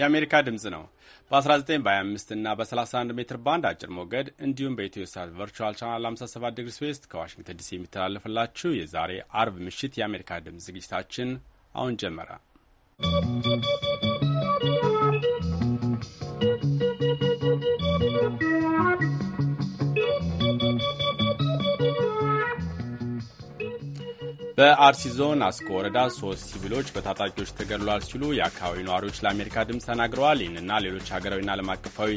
የአሜሪካ ድምፅ ነው። በ19 በ25 እና በ31 ሜትር ባንድ አጭር ሞገድ እንዲሁም በኢትዮ ሳት ቨርቹዋል ቻናል 57 ዲግሪ ስዌስት ከዋሽንግተን ዲሲ የሚተላለፍላችሁ የዛሬ አርብ ምሽት የአሜሪካ ድምፅ ዝግጅታችን አሁን ጀመረ። በአርሲ ዞን አስኮ ወረዳ ሶስት ሲቪሎች በታጣቂዎች ተገድሏል ሲሉ የአካባቢ ነዋሪዎች ለአሜሪካ ድምፅ ተናግረዋል። ይህንና ሌሎች ሀገራዊና ዓለም አቀፋዊ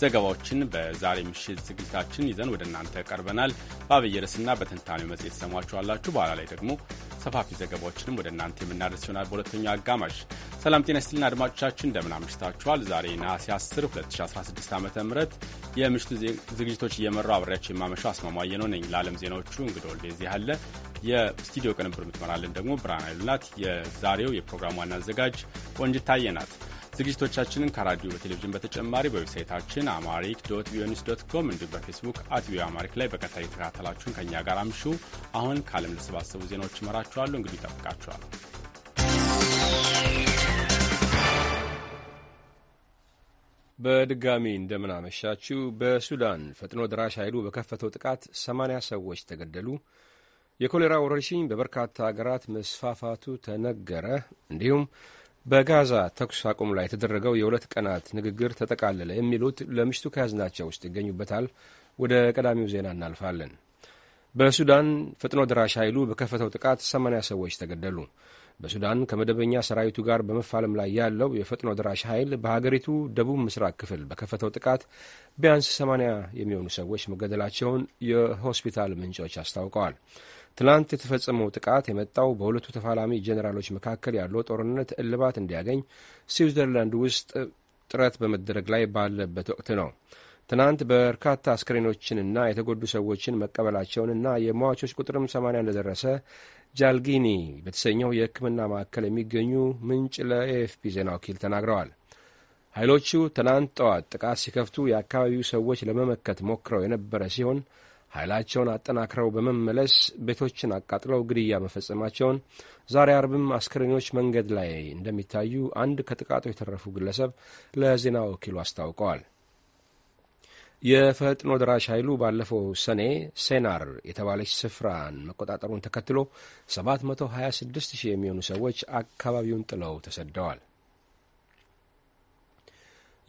ዘገባዎችን በዛሬ ምሽት ዝግጅታችን ይዘን ወደ እናንተ ቀርበናል። በአብይ ርዕስና በትንታኔው መጽሔት ሰሟችኋላችሁ። በኋላ ላይ ደግሞ ሰፋፊ ዘገባዎችንም ወደ እናንተ የምናደርስ ይሆናል። በሁለተኛው አጋማሽ ሰላም ጤና ስትልን አድማጮቻችን፣ እንደምን አምሽታችኋል? ዛሬ ነሐሴ 10 2016 ዓ ም የምሽቱ ዝግጅቶች እየመራው አብሬያቸው የማመሻው አስማማየ ነው ነኝ። ለዓለም ዜናዎቹ እንግዶ ወልዴ አለ የስቱዲዮ ቅንብር የምትመራልን ደግሞ ብርሃን ኃይሉ ናት። የዛሬው የፕሮግራም ዋና አዘጋጅ ቆንጅታዬ ናት። ዝግጅቶቻችንን ከራዲዮ በቴሌቪዥን በተጨማሪ በዌብሳይታችን አማሪክ ዶት ቪኦኤ ዶት ኮም እንዲሁም በፌስቡክ አት ቪኦኤ አማሪክ ላይ በቀጥታ የተከታተላችሁን ከእኛ ጋር አምሹ። አሁን ከዓለም ለሰባሰቡ ዜናዎች ይመራችኋለሁ። እንግዲህ ይጠብቃችኋል። በድጋሚ እንደምናመሻችው በሱዳን ፈጥኖ ደራሽ ኃይሉ በከፈተው ጥቃት ሰማንያ ሰዎች ተገደሉ፣ የኮሌራ ወረርሽኝ በበርካታ ሀገራት መስፋፋቱ ተነገረ። እንዲሁም በጋዛ ተኩስ አቁም ላይ የተደረገው የሁለት ቀናት ንግግር ተጠቃለለ። የሚሉት ለምሽቱ ከያዝናቸው ውስጥ ይገኙበታል። ወደ ቀዳሚው ዜና እናልፋለን። በሱዳን ፈጥኖ ደራሽ ኃይሉ በከፈተው ጥቃት 80 ሰዎች ተገደሉ። በሱዳን ከመደበኛ ሰራዊቱ ጋር በመፋለም ላይ ያለው የፈጥኖ ደራሽ ኃይል በሀገሪቱ ደቡብ ምስራቅ ክፍል በከፈተው ጥቃት ቢያንስ 80 የሚሆኑ ሰዎች መገደላቸውን የሆስፒታል ምንጮች አስታውቀዋል። ትናንት የተፈጸመው ጥቃት የመጣው በሁለቱ ተፋላሚ ጄኔራሎች መካከል ያለው ጦርነት እልባት እንዲያገኝ ስዊዘርላንድ ውስጥ ጥረት በመደረግ ላይ ባለበት ወቅት ነው። ትናንት በርካታ አስክሬኖችንና የተጎዱ ሰዎችን መቀበላቸውንና የሟቾች ቁጥርም 80 እንደደረሰ ጃልጊኒ በተሰኘው የሕክምና ማዕከል የሚገኙ ምንጭ ለኤኤፍፒ ዜና ወኪል ተናግረዋል። ኃይሎቹ ትናንት ጠዋት ጥቃት ሲከፍቱ የአካባቢው ሰዎች ለመመከት ሞክረው የነበረ ሲሆን ኃይላቸውን አጠናክረው በመመለስ ቤቶችን አቃጥለው ግድያ መፈጸማቸውን፣ ዛሬ አርብም አስክሬኖች መንገድ ላይ እንደሚታዩ አንድ ከጥቃቱ የተረፉ ግለሰብ ለዜና ወኪሉ አስታውቀዋል። የፈጥኖ ደራሽ ኃይሉ ባለፈው ሰኔ ሴናር የተባለች ስፍራን መቆጣጠሩን ተከትሎ 7260 የሚሆኑ ሰዎች አካባቢውን ጥለው ተሰደዋል።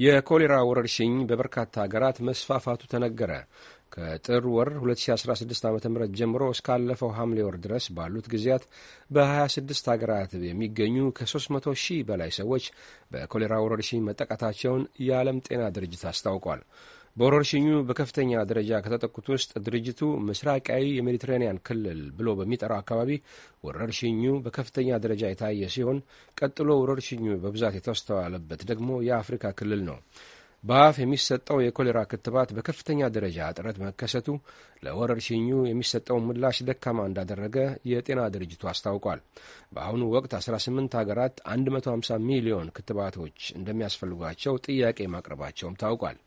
የኮሌራ ወረርሽኝ በበርካታ ሀገራት መስፋፋቱ ተነገረ። ከጥር ወር 2016 ዓ ም ጀምሮ እስካለፈው ሐምሌ ወር ድረስ ባሉት ጊዜያት በ26 ሀገራት የሚገኙ ከ300 ሺህ በላይ ሰዎች በኮሌራ ወረርሽኝ መጠቃታቸውን የዓለም ጤና ድርጅት አስታውቋል። በወረርሽኙ በከፍተኛ ደረጃ ከተጠቁት ውስጥ ድርጅቱ ምስራቃዊ የሜዲትራኒያን ክልል ብሎ በሚጠራው አካባቢ ወረርሽኙ በከፍተኛ ደረጃ የታየ ሲሆን ቀጥሎ ወረርሽኙ በብዛት የተስተዋለበት ደግሞ የአፍሪካ ክልል ነው። በአፍ የሚሰጠው የኮሌራ ክትባት በከፍተኛ ደረጃ እጥረት መከሰቱ ለወረርሽኙ የሚሰጠውን ምላሽ ደካማ እንዳደረገ የጤና ድርጅቱ አስታውቋል። በአሁኑ ወቅት 18 ሀገራት 150 ሚሊዮን ክትባቶች እንደሚያስፈልጓቸው ጥያቄ ማቅረባቸውም ታውቋል።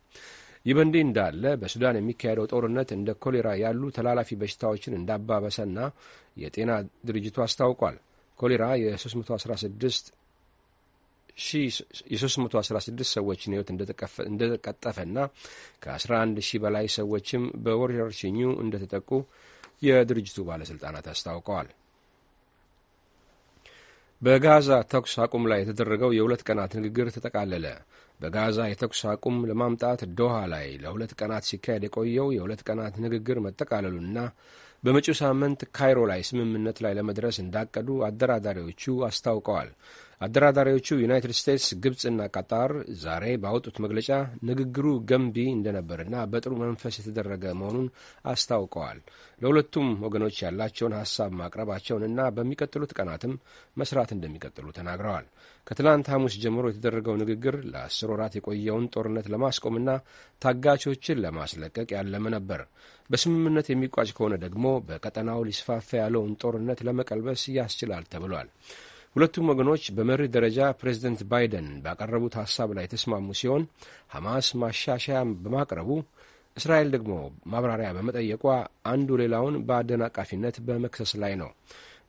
ይህ በእንዲህ እንዳለ በሱዳን የሚካሄደው ጦርነት እንደ ኮሌራ ያሉ ተላላፊ በሽታዎችን እንዳባበሰና የጤና ድርጅቱ አስታውቋል። ኮሌራ የ316 የ316 ሰዎችን ሕይወት እንደተቀጠፈና ከ11 ሺህ በላይ ሰዎችም በወረርሽኙ እንደተጠቁ የድርጅቱ ባለሥልጣናት አስታውቀዋል። በጋዛ ተኩስ አቁም ላይ የተደረገው የሁለት ቀናት ንግግር ተጠቃለለ። በጋዛ የተኩስ አቁም ለማምጣት ዶሃ ላይ ለሁለት ቀናት ሲካሄድ የቆየው የሁለት ቀናት ንግግር መጠቃለሉና በመጪው ሳምንት ካይሮ ላይ ስምምነት ላይ ለመድረስ እንዳቀዱ አደራዳሪዎቹ አስታውቀዋል። አደራዳሪዎቹ ዩናይትድ ስቴትስ፣ ግብፅና ቀጣር ዛሬ ባወጡት መግለጫ ንግግሩ ገንቢ እንደነበርና በጥሩ መንፈስ የተደረገ መሆኑን አስታውቀዋል። ለሁለቱም ወገኖች ያላቸውን ሀሳብ ማቅረባቸውንና በሚቀጥሉት ቀናትም መስራት እንደሚቀጥሉ ተናግረዋል። ከትላንት ሐሙስ ጀምሮ የተደረገው ንግግር ለአስር ወራት የቆየውን ጦርነት ለማስቆምና ታጋቾችን ለማስለቀቅ ያለመ ነበር። በስምምነት የሚቋጭ ከሆነ ደግሞ በቀጠናው ሊስፋፋ ያለውን ጦርነት ለመቀልበስ ያስችላል ተብሏል። ሁለቱም ወገኖች በመሪ ደረጃ ፕሬዚደንት ባይደን ባቀረቡት ሐሳብ ላይ የተስማሙ ሲሆን ሐማስ ማሻሻያ በማቅረቡ እስራኤል ደግሞ ማብራሪያ በመጠየቋ አንዱ ሌላውን በአደናቃፊነት በመክሰስ ላይ ነው።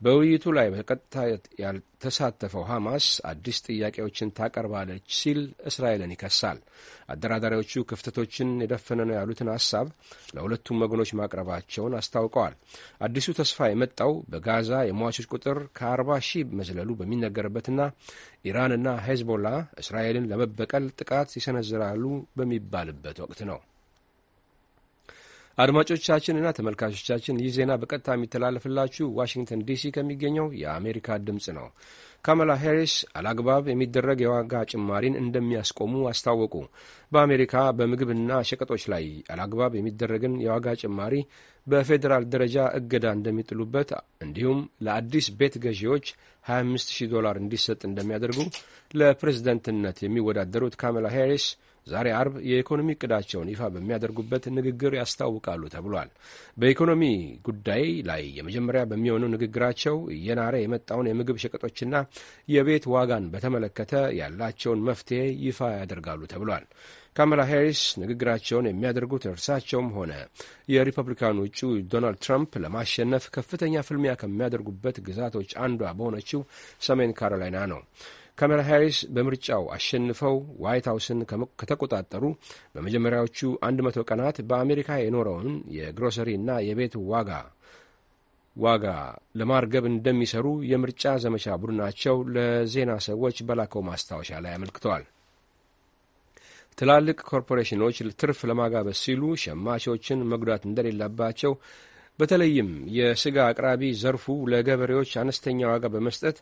በውይይቱ ላይ በቀጥታ ያልተሳተፈው ሐማስ አዲስ ጥያቄዎችን ታቀርባለች ሲል እስራኤልን ይከሳል። አደራዳሪዎቹ ክፍተቶችን የደፈነ ነው ያሉትን ሐሳብ ለሁለቱም ወገኖች ማቅረባቸውን አስታውቀዋል። አዲሱ ተስፋ የመጣው በጋዛ የሟቾች ቁጥር ከ40 ሺህ መዝለሉ በሚነገርበትና ኢራንና ሄዝቦላ እስራኤልን ለመበቀል ጥቃት ይሰነዝራሉ በሚባልበት ወቅት ነው። አድማጮቻችንና ተመልካቾቻችን ይህ ዜና በቀጥታ የሚተላለፍላችሁ ዋሽንግተን ዲሲ ከሚገኘው የአሜሪካ ድምፅ ነው። ካማላ ሄሪስ አላግባብ የሚደረግ የዋጋ ጭማሪን እንደሚያስቆሙ አስታወቁ። በአሜሪካ በምግብና ሸቀጦች ላይ አላግባብ የሚደረግን የዋጋ ጭማሪ በፌዴራል ደረጃ እገዳ እንደሚጥሉበት እንዲሁም ለአዲስ ቤት ገዢዎች 25000 ዶላር እንዲሰጥ እንደሚያደርጉ ለፕሬዝደንትነት የሚወዳደሩት ካማላ ሄሪስ ዛሬ አርብ የኢኮኖሚ እቅዳቸውን ይፋ በሚያደርጉበት ንግግር ያስታውቃሉ ተብሏል። በኢኮኖሚ ጉዳይ ላይ የመጀመሪያ በሚሆነው ንግግራቸው እየናረ የመጣውን የምግብ ሸቀጦችና የቤት ዋጋን በተመለከተ ያላቸውን መፍትሄ ይፋ ያደርጋሉ ተብሏል። ካማላ ሄሪስ ንግግራቸውን የሚያደርጉት እርሳቸውም ሆነ የሪፐብሊካኑ እጩ ዶናልድ ትራምፕ ለማሸነፍ ከፍተኛ ፍልሚያ ከሚያደርጉበት ግዛቶች አንዷ በሆነችው ሰሜን ካሮላይና ነው። ካሜራ ሃሪስ በምርጫው አሸንፈው ዋይት ሀውስን ከተቆጣጠሩ በመጀመሪያዎቹ 100 ቀናት በአሜሪካ የኖረውን የግሮሰሪ እና የቤት ዋጋ ዋጋ ለማርገብ እንደሚሰሩ የምርጫ ዘመቻ ቡድናቸው ለዜና ሰዎች በላከው ማስታወሻ ላይ አመልክተዋል። ትላልቅ ኮርፖሬሽኖች ትርፍ ለማጋበስ ሲሉ ሸማቾችን መጉዳት እንደሌለባቸው በተለይም የስጋ አቅራቢ ዘርፉ ለገበሬዎች አነስተኛ ዋጋ በመስጠት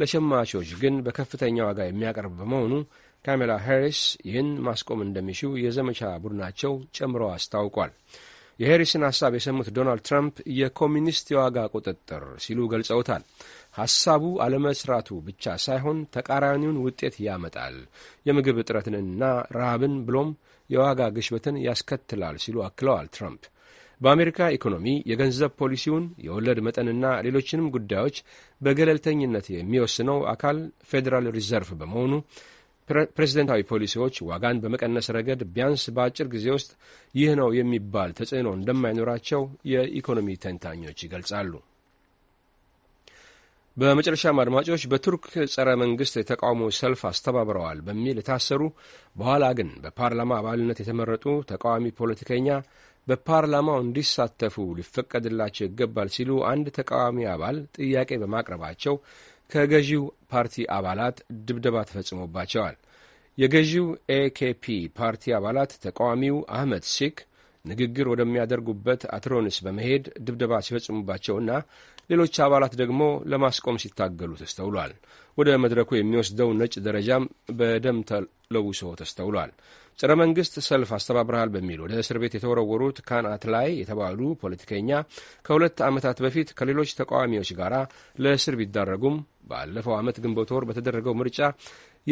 ለሸማቾች ግን በከፍተኛ ዋጋ የሚያቀርብ በመሆኑ ካሜላ ሄሪስ ይህን ማስቆም እንደሚሹ የዘመቻ ቡድናቸው ጨምሮ አስታውቋል። የሄሪስን ሀሳብ የሰሙት ዶናልድ ትራምፕ የኮሚኒስት የዋጋ ቁጥጥር ሲሉ ገልጸውታል። ሀሳቡ አለመስራቱ ብቻ ሳይሆን ተቃራኒውን ውጤት ያመጣል፣ የምግብ እጥረትንና ረሃብን ብሎም የዋጋ ግሽበትን ያስከትላል ሲሉ አክለዋል ትራምፕ በአሜሪካ ኢኮኖሚ የገንዘብ ፖሊሲውን የወለድ መጠንና ሌሎችንም ጉዳዮች በገለልተኝነት የሚወስነው አካል ፌዴራል ሪዘርቭ በመሆኑ ፕሬዚደንታዊ ፖሊሲዎች ዋጋን በመቀነስ ረገድ ቢያንስ በአጭር ጊዜ ውስጥ ይህ ነው የሚባል ተጽዕኖ እንደማይኖራቸው የኢኮኖሚ ተንታኞች ይገልጻሉ። በመጨረሻም አድማጮች በቱርክ ጸረ መንግስት የተቃውሞ ሰልፍ አስተባብረዋል በሚል የታሰሩ በኋላ ግን በፓርላማ አባልነት የተመረጡ ተቃዋሚ ፖለቲከኛ በፓርላማው እንዲሳተፉ ሊፈቀድላቸው ይገባል ሲሉ አንድ ተቃዋሚ አባል ጥያቄ በማቅረባቸው ከገዢው ፓርቲ አባላት ድብደባ ተፈጽሞባቸዋል። የገዢው ኤኬፒ ፓርቲ አባላት ተቃዋሚው አህመድ ሲክ ንግግር ወደሚያደርጉበት አትሮንስ በመሄድ ድብደባ ሲፈጽሙባቸውና ሌሎች አባላት ደግሞ ለማስቆም ሲታገሉ ተስተውሏል። ወደ መድረኩ የሚወስደው ነጭ ደረጃም በደም ተለውሶ ተስተውሏል። ጸረ መንግስት ሰልፍ አስተባብረሃል በሚል ወደ እስር ቤት የተወረወሩት ካን አትላይ የተባሉ ፖለቲከኛ ከሁለት ዓመታት በፊት ከሌሎች ተቃዋሚዎች ጋር ለእስር ቢዳረጉም ባለፈው ዓመት ግንቦት ወር በተደረገው ምርጫ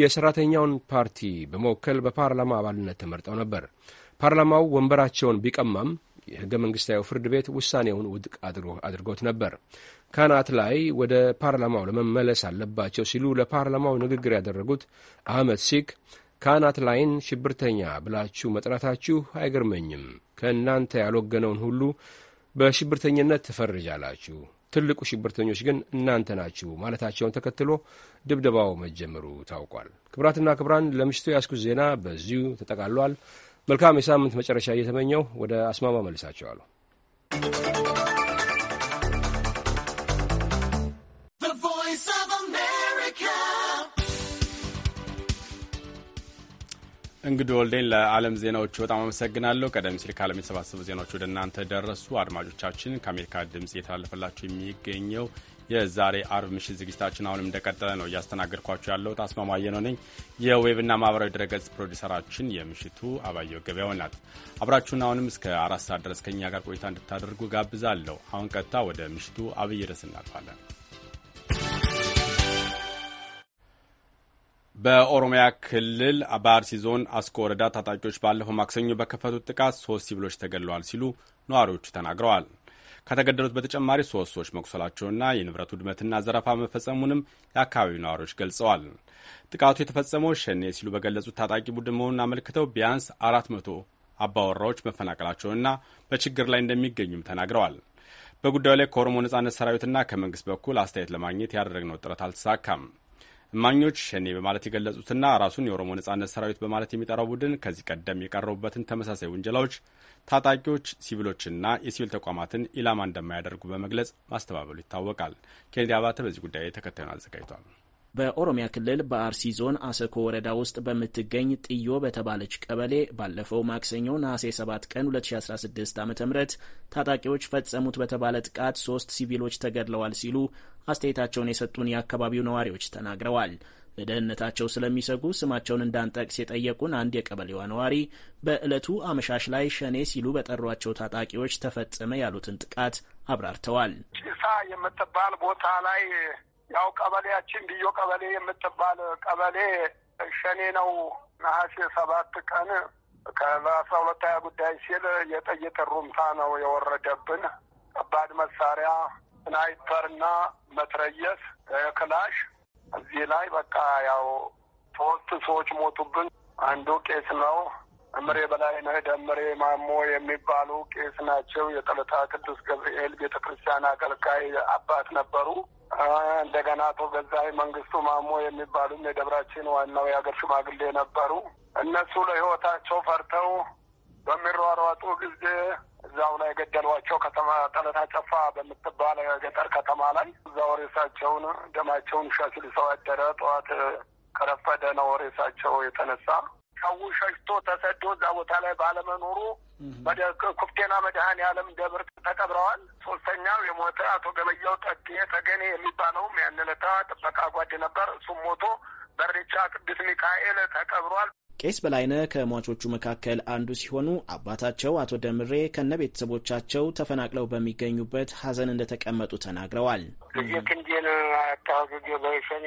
የሰራተኛውን ፓርቲ በመወከል በፓርላማ አባልነት ተመርጠው ነበር። ፓርላማው ወንበራቸውን ቢቀማም የህገ መንግስታዊ ፍርድ ቤት ውሳኔውን ውድቅ አድርጎት ነበር። ካናት ላይ ወደ ፓርላማው ለመመለስ አለባቸው ሲሉ ለፓርላማው ንግግር ያደረጉት አህመድ ሲክ ካህናት ላይን ሽብርተኛ ብላችሁ መጥራታችሁ አይገርመኝም። ከእናንተ ያልወገነውን ሁሉ በሽብርተኝነት ትፈርጃላችሁ፣ ትልቁ ሽብርተኞች ግን እናንተ ናችሁ ማለታቸውን ተከትሎ ድብደባው መጀመሩ ታውቋል። ክብራትና ክብራን ለምሽቱ ያስኩት ዜና በዚሁ ተጠቃሏል። መልካም የሳምንት መጨረሻ እየተመኘው ወደ አስማማ መልሳቸዋለሁ። እንግዲህ ወልዴን ለዓለም ዜናዎቹ በጣም አመሰግናለሁ። ቀደም ሲል ከዓለም የተሰባሰቡ ዜናዎች ወደ እናንተ ደረሱ። አድማጮቻችን፣ ከአሜሪካ ድምፅ እየተላለፈላችሁ የሚገኘው የዛሬ አርብ ምሽት ዝግጅታችን አሁንም እንደቀጠለ ነው። እያስተናገድኳችሁ ያለው ታስማማየ ነው ነኝ። የዌብና ማህበራዊ ድረገጽ ፕሮዲሰራችን የምሽቱ አባየው ገበያው ናት። አብራችሁን አሁንም እስከ አራት ሰዓት ድረስ ከኛ ጋር ቆይታ እንድታደርጉ ጋብዛለሁ። አሁን ቀጥታ ወደ ምሽቱ አብይ ርዕስ እናልፋለን። በኦሮሚያ ክልል በአርሲ ዞን አስኮ ወረዳ ታጣቂዎች ባለፈው ማክሰኞ በከፈቱት ጥቃት ሶስት ሲቪሎች ተገድለዋል ሲሉ ነዋሪዎቹ ተናግረዋል። ከተገደሉት በተጨማሪ ሶስት ሰዎች መቁሰላቸውና የንብረት ውድመትና ዘረፋ መፈጸሙንም የአካባቢው ነዋሪዎች ገልጸዋል። ጥቃቱ የተፈጸመው ሸኔ ሲሉ በገለጹት ታጣቂ ቡድን መሆኑን አመልክተው ቢያንስ አራት መቶ አባወራዎች መፈናቀላቸውንና በችግር ላይ እንደሚገኙም ተናግረዋል። በጉዳዩ ላይ ከኦሮሞ ነጻነት ሰራዊትና ከመንግስት በኩል አስተያየት ለማግኘት ያደረግነው ጥረት አልተሳካም። እማኞች ሸኔ በማለት የገለጹትና ራሱን የኦሮሞ ነጻነት ሰራዊት በማለት የሚጠራው ቡድን ከዚህ ቀደም የቀረቡበትን ተመሳሳይ ውንጀላዎች ታጣቂዎች ሲቪሎችና የሲቪል ተቋማትን ኢላማ እንደማያደርጉ በመግለጽ ማስተባበሉ ይታወቃል። ኬኔዲ አባተ በዚህ ጉዳይ ተከታዩን አዘጋጅቷል። በኦሮሚያ ክልል በአርሲ ዞን አሰኮ ወረዳ ውስጥ በምትገኝ ጥዮ በተባለች ቀበሌ ባለፈው ማክሰኞ ነሐሴ 7 ቀን 2016 ዓ ም ታጣቂዎች ፈጸሙት በተባለ ጥቃት ሶስት ሲቪሎች ተገድለዋል ሲሉ አስተያየታቸውን የሰጡን የአካባቢው ነዋሪዎች ተናግረዋል። ለደህንነታቸው ስለሚሰጉ ስማቸውን እንዳንጠቅስ የጠየቁን አንድ የቀበሌዋ ነዋሪ በዕለቱ አመሻሽ ላይ ሸኔ ሲሉ በጠሯቸው ታጣቂዎች ተፈጸመ ያሉትን ጥቃት አብራርተዋል። ጭሳ የምትባል ቦታ ላይ ያው ቀበሌያችን ብዮ ቀበሌ የምትባል ቀበሌ ሸኔ ነው ነሐሴ ሰባት ቀን ከአስራ ሁለት ሀያ ጉዳይ ሲል የጥይት ሩምታ ነው የወረደብን። ከባድ መሳሪያ ስናይፐርና መትረየስ ክላሽ። እዚህ ላይ በቃ ያው ሶስት ሰዎች ሞቱብን። አንዱ ቄስ ነው እምሬ በላይነህ ደምሬ ማሞ የሚባሉ ቄስ ናቸው። የጠለታ ቅዱስ ገብርኤል ቤተ ክርስቲያን አገልጋይ አባት ነበሩ። እንደገና አቶ ገዛይ መንግስቱ ማሞ የሚባሉም የደብራችን ዋናው የሀገር ሽማግሌ ነበሩ። እነሱ ለህይወታቸው ፈርተው በሚሯሯጡ ጊዜ እዛው ላይ የገደሏቸው ከተማ ጠለታ ጨፋ በምትባል የገጠር ከተማ ላይ እዛው ሬሳቸውን ደማቸውን ሻሽል ሰው አደረ። ጠዋት ከረፈደ ነው ሬሳቸው የተነሳ ሰው ሸሽቶ ተሰዶ እዛ ቦታ ላይ ባለመኖሩ ኩፍቴና መድኃኔ ደብር ተቀብረዋል። ሶስተኛው የሞተ አቶ ገበያው ጠጌ ተገኔ የሚባለውም ያንለታ ጥበቃ ጓድ ነበር። እሱም ሞቶ በሬቻ ቅዱስ ሚካኤል ተቀብሯል። ቄስ በላይነ ከሟቾቹ መካከል አንዱ ሲሆኑ አባታቸው አቶ ደምሬ ከነ ቤተሰቦቻቸው ተፈናቅለው በሚገኙበት ሀዘን እንደተቀመጡ ተናግረዋል። ልጅ ክንዴን አታሁ በሸኔ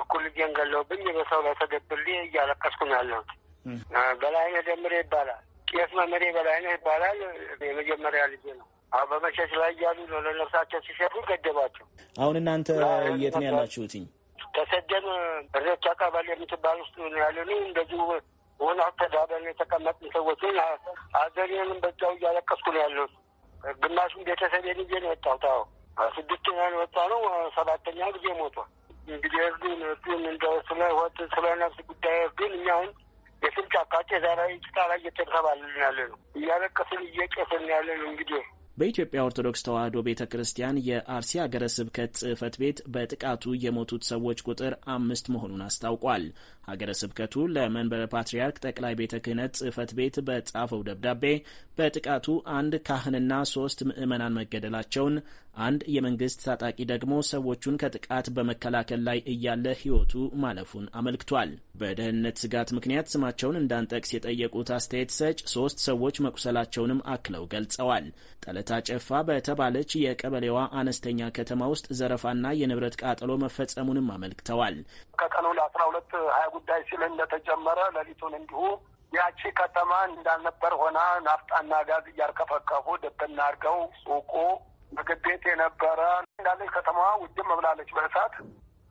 እኩል ልጄን ገለውብኝ በሰው ላይ ተገብልኝ እያለቀስኩ ነው ያለሁት። በላይነህ ደምሬ ይባላል። ቄስ መምህሬ በላይነህ ይባላል። የመጀመሪያ ልጄ ነው። አሁ በመሸሽ ላይ እያሉ ነው ለነፍሳቸው ሲሸፉ ገደባቸው። አሁን እናንተ የት ነው ያላችሁትኝ? ተሰደን እሬቻ ቀበሌ የምትባል ውስጥ ነው ያለን። እንደዚሁ ሆነ አስተዳደር የተቀመጥን ሰዎች አዘኔንም በዛው እያለቀስኩ ነው ያለሁት። ግማሹም ቤተሰቤን ይዤ ነው የወጣሁት። አዎ ስድስተኛ ነው የወጣ ነው። ሰባተኛ ጊዜ ሞቷል። እንግዲህ ህዝቡን ህዝቡን እንደው ስለ ወጥ ስለ ነፍስ ጉዳይ ህዝቡን እኛ አሁን የስልክ አቃጭ ዛሬ ጭታ ላይ እየተንከባለልን ያለ ነው። እያለቀስን እየጨስን ያለ ነው እንግዲህ በኢትዮጵያ ኦርቶዶክስ ተዋሕዶ ቤተ ክርስቲያን የአርሲ ሀገረ ስብከት ጽህፈት ቤት በጥቃቱ የሞቱት ሰዎች ቁጥር አምስት መሆኑን አስታውቋል። ሀገረ ስብከቱ ለመንበረ ፓትርያርክ ጠቅላይ ቤተ ክህነት ጽህፈት ቤት በጻፈው ደብዳቤ በጥቃቱ አንድ ካህንና ሶስት ምዕመናን መገደላቸውን፣ አንድ የመንግስት ታጣቂ ደግሞ ሰዎቹን ከጥቃት በመከላከል ላይ እያለ ሕይወቱ ማለፉን አመልክቷል። በደህንነት ስጋት ምክንያት ስማቸውን እንዳንጠቅስ የጠየቁት አስተያየት ሰጭ ሶስት ሰዎች መቁሰላቸውንም አክለው ገልጸዋል። ጠለታ ጨፋ በተባለች የቀበሌዋ አነስተኛ ከተማ ውስጥ ዘረፋና የንብረት ቃጠሎ መፈጸሙንም አመልክተዋል። ከቀኑ ለአስራ ሁለት ሀያ ጉዳይ እንደተጀመረ ሌሊቱን እንዲሁ ያቺ ከተማ እንዳልነበር ሆና ናፍጣና ጋዝ እያርከፈከፉ ድብና አድርገው ሱቁ፣ ምግብ ቤት የነበረ እንዳለች ከተማዋ ውድም መብላለች በእሳት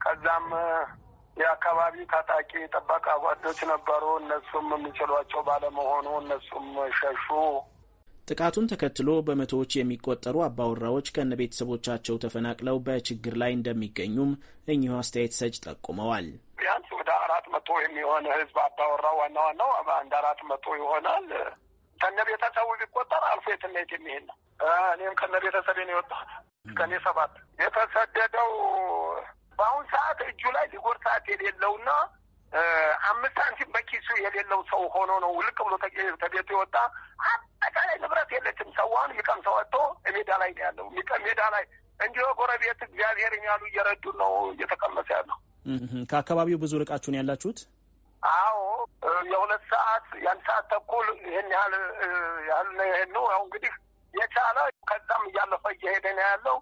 ከዛም የአካባቢ ታጣቂ ጥበቃ ጓዶች ነበሩ። እነሱም የሚችሏቸው ባለመሆኑ እነሱም ሸሹ። ጥቃቱን ተከትሎ በመቶዎች የሚቆጠሩ አባወራዎች ከነ ቤተሰቦቻቸው ተፈናቅለው በችግር ላይ እንደሚገኙም እኚሁ አስተያየት ሰጭ ጠቁመዋል። ቢያንስ ወደ አራት መቶ የሚሆን ህዝብ አባወራ ዋና ዋናው አንድ አራት መቶ ይሆናል። ከነ ቤተሰቡ ቢቆጠር አልፎ የትነት የሚሄድ ነው። እኔም ከነ ቤተሰቤ ነው የወጣሁት። ከኔ ሰባት የተሰደደው በአሁን ሰዓት እጁ ላይ ሊጎር ሰዓት የሌለውና አምስት ሳንቲም በኪሱ የሌለው ሰው ሆኖ ነው ውልቅ ብሎ ተቤቱ የወጣ አጠቃላይ ንብረት የለችም። ሰዋን ሚቀም ሰው ወጥቶ ሜዳ ላይ ነው ያለው ሜዳ ላይ እንዲሁ ጎረቤት እግዚአብሔር ያሉ እየረዱ ነው እየተቀመሰ ያለው ከአካባቢው ብዙ ርቃችሁን ያላችሁት? አዎ የሁለት ሰዓት ያን ሰዓት ተኩል ይህን ያህል ያህል ይህን ነው። ያው እንግዲህ የቻለ ከዛም እያለፈ እየሄደ ነው ያለው።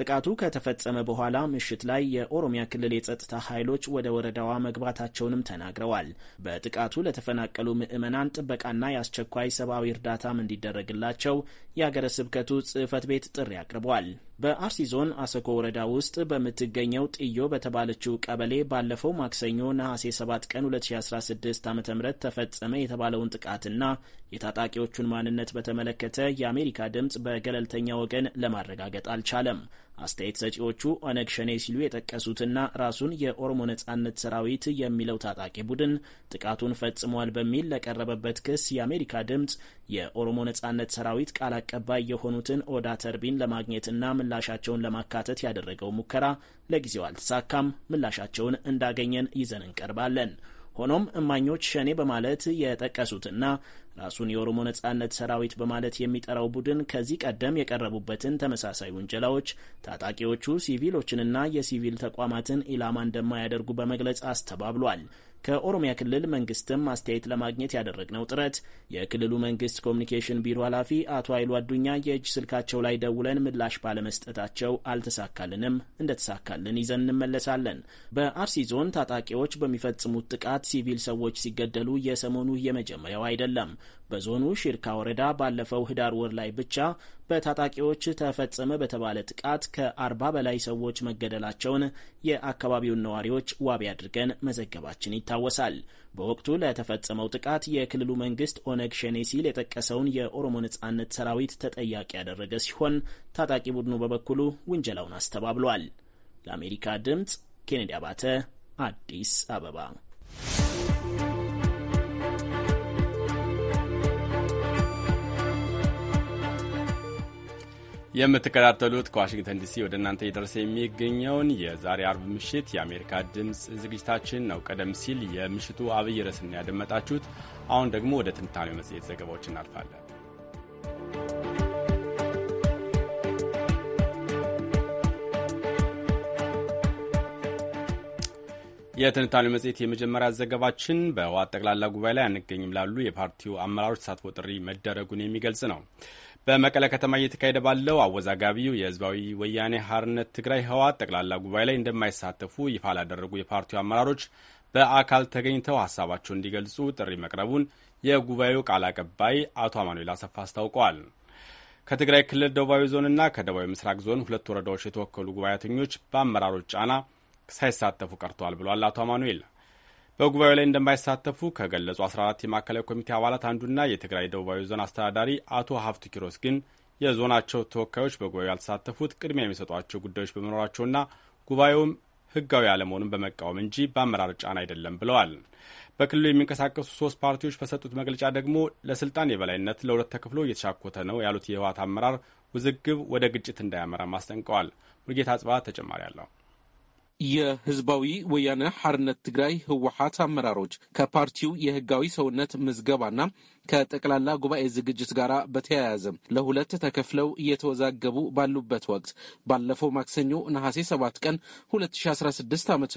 ጥቃቱ ከተፈጸመ በኋላ ምሽት ላይ የኦሮሚያ ክልል የጸጥታ ኃይሎች ወደ ወረዳዋ መግባታቸውንም ተናግረዋል። በጥቃቱ ለተፈናቀሉ ምዕመናን ጥበቃና የአስቸኳይ ሰብአዊ እርዳታም እንዲደረግላቸው የአገረ ስብከቱ ጽህፈት ቤት ጥሪ አቅርቧል። በአርሲ ዞን አሰኮ ወረዳ ውስጥ በምትገኘው ጥዮ በተባለችው ቀበሌ ባለፈው ማክሰኞ ነሐሴ 7 ቀን 2016 ዓ ም ተፈጸመ የተባለውን ጥቃትና የታጣቂዎቹን ማንነት በተመለከተ የአሜሪካ ድምፅ በገለልተኛ ወገን ለማረጋገጥ አልቻለም። አስተያየት ሰጪዎቹ ኦነግ ሸኔ ሲሉ የጠቀሱትና ራሱን የኦሮሞ ነጻነት ሰራዊት የሚለው ታጣቂ ቡድን ጥቃቱን ፈጽሟል በሚል ለቀረበበት ክስ የአሜሪካ ድምፅ የኦሮሞ ነጻነት ሰራዊት ቃል አቀባይ የሆኑትን ኦዳ ተርቢን ለማግኘትና ምላሻቸውን ለማካተት ያደረገው ሙከራ ለጊዜው አልተሳካም። ምላሻቸውን እንዳገኘን ይዘን እንቀርባለን። ሆኖም እማኞች ሸኔ በማለት የጠቀሱትና ራሱን የኦሮሞ ነጻነት ሰራዊት በማለት የሚጠራው ቡድን ከዚህ ቀደም የቀረቡበትን ተመሳሳይ ውንጀላዎች ታጣቂዎቹ ሲቪሎችንና የሲቪል ተቋማትን ኢላማ እንደማያደርጉ በመግለጽ አስተባብሏል። ከኦሮሚያ ክልል መንግስትም አስተያየት ለማግኘት ያደረግነው ጥረት የክልሉ መንግስት ኮሚኒኬሽን ቢሮ ኃላፊ አቶ ኃይሉ አዱኛ የእጅ ስልካቸው ላይ ደውለን ምላሽ ባለመስጠታቸው አልተሳካልንም። እንደተሳካልን ይዘን እንመለሳለን። በአርሲ ዞን ታጣቂዎች በሚፈጽሙት ጥቃት ሲቪል ሰዎች ሲገደሉ የሰሞኑ የመጀመሪያው አይደለም። በዞኑ ሺርካ ወረዳ ባለፈው ህዳር ወር ላይ ብቻ በታጣቂዎች ተፈጸመ በተባለ ጥቃት ከአርባ በላይ ሰዎች መገደላቸውን የአካባቢውን ነዋሪዎች ዋቢ አድርገን መዘገባችን ይታወሳል። በወቅቱ ለተፈጸመው ጥቃት የክልሉ መንግስት ኦነግ ሸኔ ሲል የጠቀሰውን የኦሮሞ ነጻነት ሰራዊት ተጠያቂ ያደረገ ሲሆን ታጣቂ ቡድኑ በበኩሉ ውንጀላውን አስተባብሏል። ለአሜሪካ ድምፅ ኬኔዲ አባተ አዲስ አበባ የምትከታተሉት ከዋሽንግተን ዲሲ ወደ እናንተ እየደረሰ የሚገኘውን የዛሬ አርብ ምሽት የአሜሪካ ድምፅ ዝግጅታችን ነው። ቀደም ሲል የምሽቱ አብይ ርዕስን ያደመጣችሁት። አሁን ደግሞ ወደ ትንታኔው መጽሔት ዘገባዎች እናልፋለን። የትንታኔ መጽሔት የመጀመሪያ ዘገባችን በህወሓት ጠቅላላ ጉባኤ ላይ አንገኝም ላሉ የፓርቲው አመራሮች ተሳትፎ ጥሪ መደረጉን የሚገልጽ ነው። በመቀለ ከተማ እየተካሄደ ባለው አወዛጋቢው የህዝባዊ ወያኔ ሀርነት ትግራይ ህወሓት ጠቅላላ ጉባኤ ላይ እንደማይሳተፉ ይፋ ላደረጉ የፓርቲው አመራሮች በአካል ተገኝተው ሀሳባቸውን እንዲገልጹ ጥሪ መቅረቡን የጉባኤው ቃል አቀባይ አቶ አማኑኤል አሰፋ አስታውቀዋል። ከትግራይ ክልል ደቡባዊ ዞንና ከደቡባዊ ምስራቅ ዞን ሁለት ወረዳዎች የተወከሉ ጉባኤተኞች በአመራሮች ጫና ሳይሳተፉ ቀርተዋል ብሏል አቶ አማኑኤል። በጉባኤው ላይ እንደማይሳተፉ ከገለጹ 14 የማዕከላዊ ኮሚቴ አባላት አንዱና የትግራይ ደቡባዊ ዞን አስተዳዳሪ አቶ ሀፍቱ ኪሮስ ግን የዞናቸው ተወካዮች በጉባኤው ያልተሳተፉት ቅድሚያ የሚሰጧቸው ጉዳዮች በመኖራቸውና ጉባኤውም ሕጋዊ አለመሆኑን በመቃወም እንጂ በአመራር ጫና አይደለም ብለዋል። በክልሉ የሚንቀሳቀሱ ሶስት ፓርቲዎች በሰጡት መግለጫ ደግሞ ለስልጣን የበላይነት ለሁለት ተከፍሎ እየተሻኮተ ነው ያሉት የህወሓት አመራር ውዝግብ ወደ ግጭት እንዳያመራ ማስጠንቀዋል። ሙልጌታ ጽባ ተጨማሪ አለው። የህዝባዊ ወያነ ሐርነት ትግራይ ህወሀት አመራሮች ከፓርቲው የህጋዊ ሰውነት ምዝገባና ከጠቅላላ ጉባኤ ዝግጅት ጋር በተያያዘ ለሁለት ተከፍለው እየተወዛገቡ ባሉበት ወቅት ባለፈው ማክሰኞ ነሐሴ 7 ቀን 2016 ዓ ም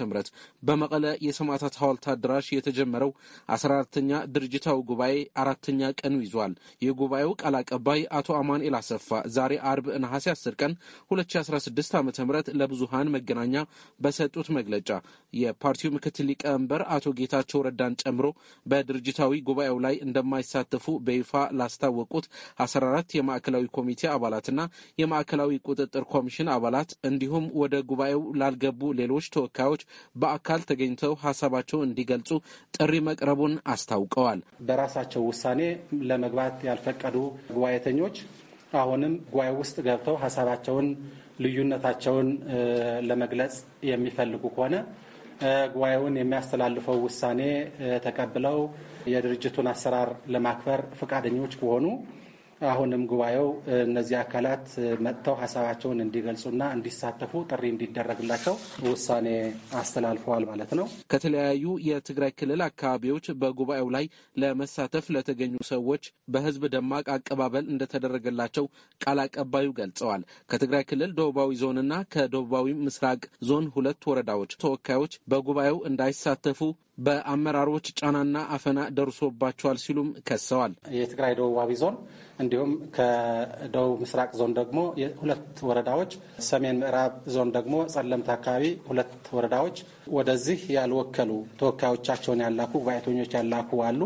በመቀለ የሰማዕታት ሐውልት አዳራሽ የተጀመረው 14ተኛ ድርጅታዊ ጉባኤ አራተኛ ቀኑ ይዟል። የጉባኤው ቃል አቀባይ አቶ አማንኤል አሰፋ ዛሬ አርብ ነሐሴ 10 ቀን 2016 ዓ ም ለብዙሃን መገናኛ በሰጡት መግለጫ የፓርቲው ምክትል ሊቀመንበር አቶ ጌታቸው ረዳን ጨምሮ በድርጅታዊ ጉባኤው ላይ እንደማይሳ እንደሚሳተፉ በይፋ ላስታወቁት 14 የማዕከላዊ ኮሚቴ አባላትና የማዕከላዊ ቁጥጥር ኮሚሽን አባላት እንዲሁም ወደ ጉባኤው ላልገቡ ሌሎች ተወካዮች በአካል ተገኝተው ሀሳባቸው እንዲገልጹ ጥሪ መቅረቡን አስታውቀዋል። በራሳቸው ውሳኔ ለመግባት ያልፈቀዱ ጉባኤተኞች አሁንም ጉባኤ ውስጥ ገብተው ሀሳባቸውን፣ ልዩነታቸውን ለመግለጽ የሚፈልጉ ከሆነ ጉባኤውን የሚያስተላልፈው ውሳኔ ተቀብለው የድርጅቱን አሰራር ለማክበር ፈቃደኞች ከሆኑ አሁንም ጉባኤው እነዚህ አካላት መጥተው ሀሳባቸውን እንዲገልጹና እንዲሳተፉ ጥሪ እንዲደረግላቸው ውሳኔ አስተላልፈዋል ማለት ነው። ከተለያዩ የትግራይ ክልል አካባቢዎች በጉባኤው ላይ ለመሳተፍ ለተገኙ ሰዎች በህዝብ ደማቅ አቀባበል እንደተደረገላቸው ቃል አቀባዩ ገልጸዋል። ከትግራይ ክልል ደቡባዊ ዞንና ከደቡባዊ ምስራቅ ዞን ሁለት ወረዳዎች ተወካዮች በጉባኤው እንዳይሳተፉ በአመራሮች ጫናና አፈና ደርሶባቸዋል ሲሉም ከሰዋል። የትግራይ ደቡባዊ ዞን እንዲሁም ከደቡብ ምስራቅ ዞን ደግሞ ሁለት ወረዳዎች፣ ሰሜን ምዕራብ ዞን ደግሞ ጸለምት አካባቢ ሁለት ወረዳዎች ወደዚህ ያልወከሉ ተወካዮቻቸውን ያላኩ ጉባኤተኞች ያላኩ አሉ።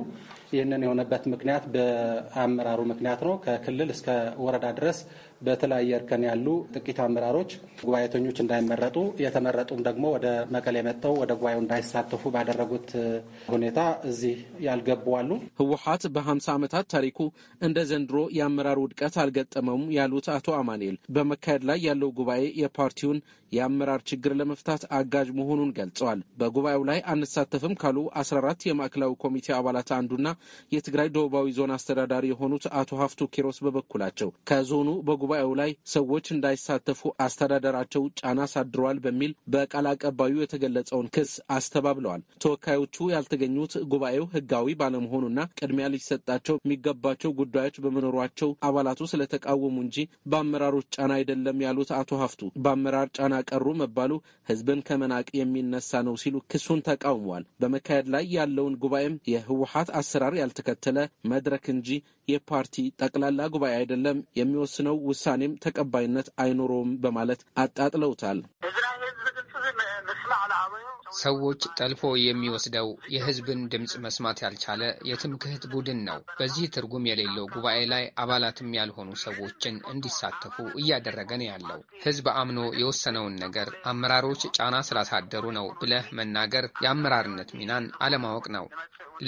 ይህንን የሆነበት ምክንያት በአመራሩ ምክንያት ነው። ከክልል እስከ ወረዳ ድረስ በተለያየ እርከን ያሉ ጥቂት አመራሮች ጉባኤተኞች እንዳይመረጡ የተመረጡም ደግሞ ወደ መቀሌ መጥተው ወደ ጉባኤው እንዳይሳተፉ ባደረጉት ሁኔታ እዚህ ያልገቡ አሉ። ህወሓት በ ዓመታት ታሪኩ እንደ ዘንድሮ የአመራር ውድቀት አልገጠመውም ያሉት አቶ አማኔል በመካሄድ ላይ ያለው ጉባኤ የፓርቲውን የአመራር ችግር ለመፍታት አጋዥ መሆኑን ገልጸዋል። በጉባኤው ላይ አንሳተፍም ካሉ 14 የማዕከላዊ ኮሚቴ አባላት አንዱና የትግራይ ደቡባዊ ዞን አስተዳዳሪ የሆኑት አቶ ሀፍቱ ኪሮስ በበኩላቸው ከዞኑ በጉባኤ በጉባኤው ላይ ሰዎች እንዳይሳተፉ አስተዳደራቸው ጫና አሳድሯል በሚል በቃል አቀባዩ የተገለጸውን ክስ አስተባብለዋል። ተወካዮቹ ያልተገኙት ጉባኤው ሕጋዊ ባለመሆኑና ቅድሚያ ሊሰጣቸው የሚገባቸው ጉዳዮች በመኖሯቸው አባላቱ ስለተቃወሙ እንጂ በአመራሮች ጫና አይደለም ያሉት አቶ ሀፍቱ በአመራር ጫና ቀሩ መባሉ ሕዝብን ከመናቅ የሚነሳ ነው ሲሉ ክሱን ተቃውመዋል። በመካሄድ ላይ ያለውን ጉባኤም የህወሀት አሰራር ያልተከተለ መድረክ እንጂ የፓርቲ ጠቅላላ ጉባኤ አይደለም የሚወስነው ውሳ ውሳኔም ተቀባይነት አይኖረውም በማለት አጣጥለውታል። ሰዎች ጠልፎ የሚወስደው የህዝብን ድምፅ መስማት ያልቻለ የትምክህት ቡድን ነው። በዚህ ትርጉም የሌለው ጉባኤ ላይ አባላትም ያልሆኑ ሰዎችን እንዲሳተፉ እያደረገ ነው ያለው። ሕዝብ አምኖ የወሰነውን ነገር አመራሮች ጫና ስላሳደሩ ነው ብለህ መናገር የአመራርነት ሚናን አለማወቅ ነው።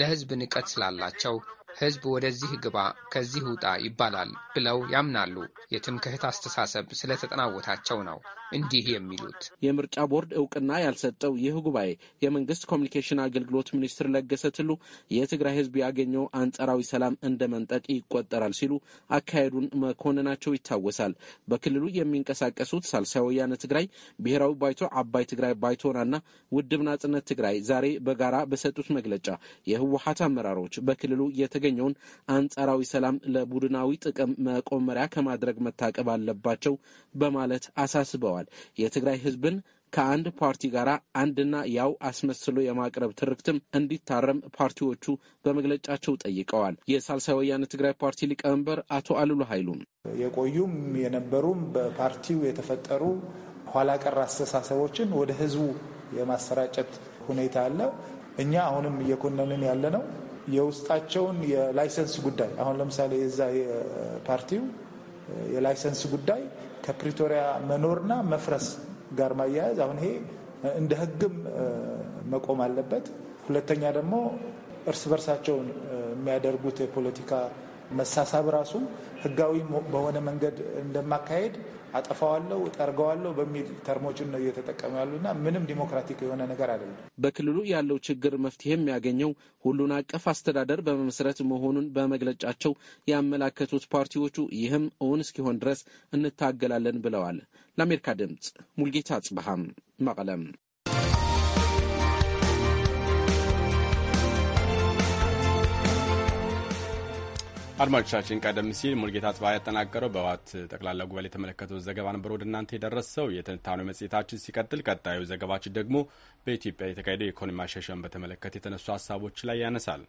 ለህዝብ ንቀት ስላላቸው ህዝብ ወደዚህ ግባ፣ ከዚህ ውጣ ይባላል ብለው ያምናሉ። የትምክህት አስተሳሰብ ስለተጠናወታቸው ነው እንዲህ የሚሉት። የምርጫ ቦርድ እውቅና ያልሰጠው ይህ ጉባኤ የመንግስት ኮሚኒኬሽን አገልግሎት ሚኒስትር ለገሰ ቱሉ የትግራይ ህዝብ ያገኘው አንጻራዊ ሰላም እንደ መንጠቅ ይቆጠራል ሲሉ አካሄዱን መኮንናቸው ይታወሳል። በክልሉ የሚንቀሳቀሱት ሳልሳይ ወያነ ትግራይ፣ ብሔራዊ ባይቶ አባይ ትግራይ ባይቶናና ውድብ ናጽነት ትግራይ ዛሬ በጋራ በሰጡት መግለጫ የህወሀት አመራሮች በክልሉ የተገ የተገኘውን አንጻራዊ ሰላም ለቡድናዊ ጥቅም መቆመሪያ ከማድረግ መታቀብ አለባቸው በማለት አሳስበዋል። የትግራይ ህዝብን ከአንድ ፓርቲ ጋር አንድና ያው አስመስሎ የማቅረብ ትርክትም እንዲታረም ፓርቲዎቹ በመግለጫቸው ጠይቀዋል። የሳልሳይ ወያነ ትግራይ ፓርቲ ሊቀመንበር አቶ አልሉ ኃይሉም የቆዩም የነበሩም በፓርቲው የተፈጠሩ ኋላ ቀር አስተሳሰቦችን ወደ ህዝቡ የማሰራጨት ሁኔታ አለ። እኛ አሁንም እየኮነንን ያለ ነው የውስጣቸውን የላይሰንስ ጉዳይ አሁን ለምሳሌ የዛ የፓርቲው የላይሰንስ ጉዳይ ከፕሪቶሪያ መኖርና መፍረስ ጋር ማያያዝ አሁን ይሄ እንደ ሕግም መቆም አለበት። ሁለተኛ ደግሞ እርስ በርሳቸውን የሚያደርጉት የፖለቲካ መሳሳብ ራሱ ህጋዊ በሆነ መንገድ እንደማካሄድ አጠፋዋለሁ፣ ጠርገዋለሁ በሚል ተርሞችን ነው እየተጠቀሙ ያሉና ምንም ዲሞክራቲክ የሆነ ነገር አይደለም። በክልሉ ያለው ችግር መፍትሄ የሚያገኘው ሁሉን አቀፍ አስተዳደር በመመስረት መሆኑን በመግለጫቸው ያመላከቱት ፓርቲዎቹ ይህም እውን እስኪሆን ድረስ እንታገላለን ብለዋል። ለአሜሪካ ድምፅ ሙልጌታ አጽበሃም መቀለም አድማጮቻችን ቀደም ሲል ሙልጌታ ጽባ ያጠናቀረው በዋት ጠቅላላ ጉባኤ የተመለከተው ዘገባ ነበር ወደ እናንተ የደረሰው። የትንታኔው መጽሔታችን ሲቀጥል ቀጣዩ ዘገባችን ደግሞ በኢትዮጵያ የተካሄደው የኢኮኖሚ ማሻሻያን በተመለከተ የተነሱ ሀሳቦች ላይ ያነሳል።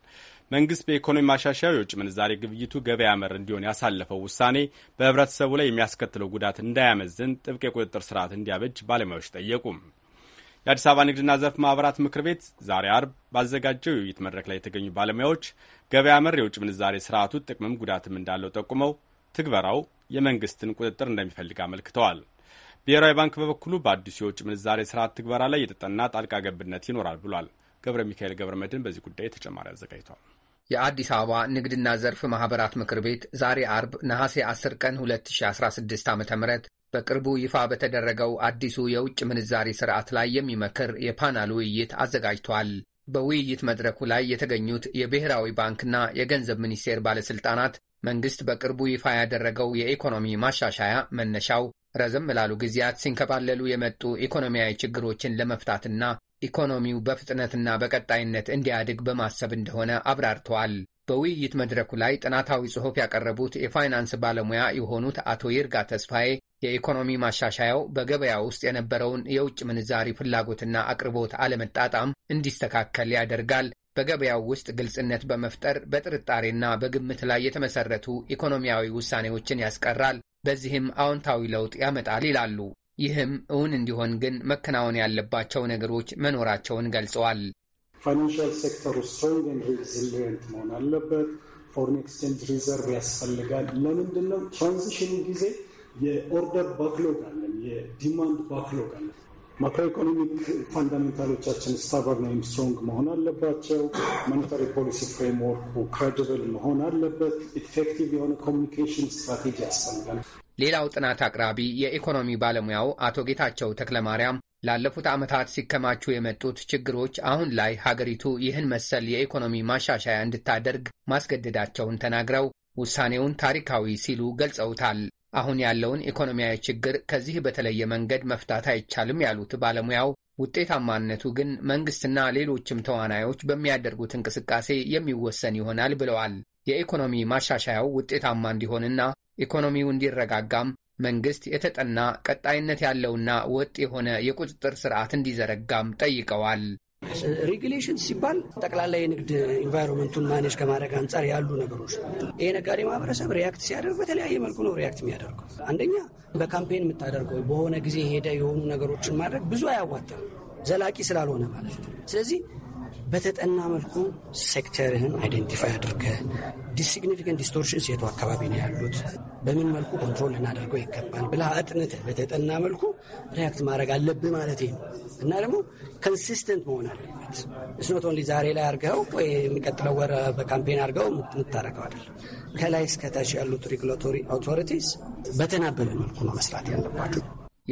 መንግስት በኢኮኖሚ ማሻሻያ የውጭ ምንዛሬ ግብይቱ ገበያ መር እንዲሆን ያሳለፈው ውሳኔ በህብረተሰቡ ላይ የሚያስከትለው ጉዳት እንዳያመዝን ጥብቅ የቁጥጥር ስርዓት እንዲያበጅ ባለሙያዎች ጠየቁም። የአዲስ አበባ ንግድና ዘርፍ ማህበራት ምክር ቤት ዛሬ አርብ ባዘጋጀው የውይይት መድረክ ላይ የተገኙ ባለሙያዎች ገበያ መር የውጭ ምንዛሬ ስርዓቱ ጥቅምም ጉዳትም እንዳለው ጠቁመው ትግበራው የመንግስትን ቁጥጥር እንደሚፈልግ አመልክተዋል። ብሔራዊ ባንክ በበኩሉ በአዲሱ የውጭ ምንዛሬ ስርዓት ትግበራ ላይ የተጠና ጣልቃ ገብነት ይኖራል ብሏል። ገብረ ሚካኤል ገብረ መድን በዚህ ጉዳይ ተጨማሪ አዘጋጅቷል። የአዲስ አበባ ንግድና ዘርፍ ማኅበራት ምክር ቤት ዛሬ አርብ ነሐሴ 10 ቀን 2016 ዓ ም በቅርቡ ይፋ በተደረገው አዲሱ የውጭ ምንዛሪ ሥርዓት ላይ የሚመክር የፓናል ውይይት አዘጋጅቷል። በውይይት መድረኩ ላይ የተገኙት የብሔራዊ ባንክና የገንዘብ ሚኒስቴር ባለሥልጣናት መንግሥት በቅርቡ ይፋ ያደረገው የኢኮኖሚ ማሻሻያ መነሻው ረዘም ላሉ ጊዜያት ሲንከባለሉ የመጡ ኢኮኖሚያዊ ችግሮችን ለመፍታትና ኢኮኖሚው በፍጥነትና በቀጣይነት እንዲያድግ በማሰብ እንደሆነ አብራርተዋል። በውይይት መድረኩ ላይ ጥናታዊ ጽሑፍ ያቀረቡት የፋይናንስ ባለሙያ የሆኑት አቶ ይርጋ ተስፋዬ የኢኮኖሚ ማሻሻያው በገበያ ውስጥ የነበረውን የውጭ ምንዛሪ ፍላጎትና አቅርቦት አለመጣጣም እንዲስተካከል ያደርጋል፣ በገበያው ውስጥ ግልጽነት በመፍጠር በጥርጣሬና በግምት ላይ የተመሰረቱ ኢኮኖሚያዊ ውሳኔዎችን ያስቀራል፣ በዚህም አዎንታዊ ለውጥ ያመጣል ይላሉ። ይህም እውን እንዲሆን ግን መከናወን ያለባቸው ነገሮች መኖራቸውን ገልጸዋል። ፋይናንሽል ሴክተሩ ስትሮንግ ኤንድ ሪዚሊየንት መሆን አለበት። ፎሬን ኤክስቼንጅ ሪዘርቭ ያስፈልጋል። ለምንድን ነው ትራንዚሽኑ ጊዜ የኦርደር ባክሎግ አለን፣ የዲማንድ ባክሎግ አለን። ማክሮ ኢኮኖሚክ ፋንዳሜንታሎቻችን ስታብል ወይም ስትሮንግ መሆን አለባቸው። ሞኔታሪ ፖሊሲ ፍሬምወርኩ ክሬዲብል መሆን አለበት። ኢፌክቲቭ የሆነ ኮሚኒኬሽን ስትራቴጂ ያስፈልጋል። ሌላው ጥናት አቅራቢ የኢኮኖሚ ባለሙያው አቶ ጌታቸው ተክለማርያም ላለፉት ዓመታት ሲከማቹ የመጡት ችግሮች አሁን ላይ ሀገሪቱ ይህን መሰል የኢኮኖሚ ማሻሻያ እንድታደርግ ማስገደዳቸውን ተናግረው ውሳኔውን ታሪካዊ ሲሉ ገልጸውታል። አሁን ያለውን ኢኮኖሚያዊ ችግር ከዚህ በተለየ መንገድ መፍታት አይቻልም ያሉት ባለሙያው ውጤታማነቱ ግን መንግስትና ሌሎችም ተዋናዮች በሚያደርጉት እንቅስቃሴ የሚወሰን ይሆናል ብለዋል። የኢኮኖሚ ማሻሻያው ውጤታማ እንዲሆንና ኢኮኖሚው እንዲረጋጋም መንግስት የተጠና ቀጣይነት ያለውና ወጥ የሆነ የቁጥጥር ስርዓት እንዲዘረጋም ጠይቀዋል። ሬጉሌሽን ሲባል ጠቅላላ የንግድ ኢንቫይሮንመንቱን ማኔጅ ከማድረግ አንጻር ያሉ ነገሮች ይሄ ነጋዴ ማህበረሰብ ሪያክት ሲያደርግ በተለያየ መልኩ ነው ሪያክት የሚያደርገው። አንደኛ በካምፔን የምታደርገው በሆነ ጊዜ ሄደ የሆኑ ነገሮችን ማድረግ ብዙ አያዋጣም፣ ዘላቂ ስላልሆነ ማለት ነው። ስለዚህ በተጠና መልኩ ሴክተርህን አይደንቲፋይ አድርገህ ዲስግኒፊካንት ዲስቶርሽንስ የቱ አካባቢ ነው ያሉት፣ በምን መልኩ ኮንትሮል ልናደርገው ይገባል ብላ አጥንተህ በተጠና መልኩ ሪያክት ማድረግ አለብህ ማለት ነው። እና ደግሞ ኮንሲስተንት መሆን አለበት። እስኖት ኦንሊ ዛሬ ላይ አድርገው የሚቀጥለው ወር በካምፔን አርገው የምታረገው አይደለም። ከላይ እስከታች ያሉት ሬጉላቶሪ አውቶሪቲስ በተናበበ መልኩ ነው መስራት ያለባቸው።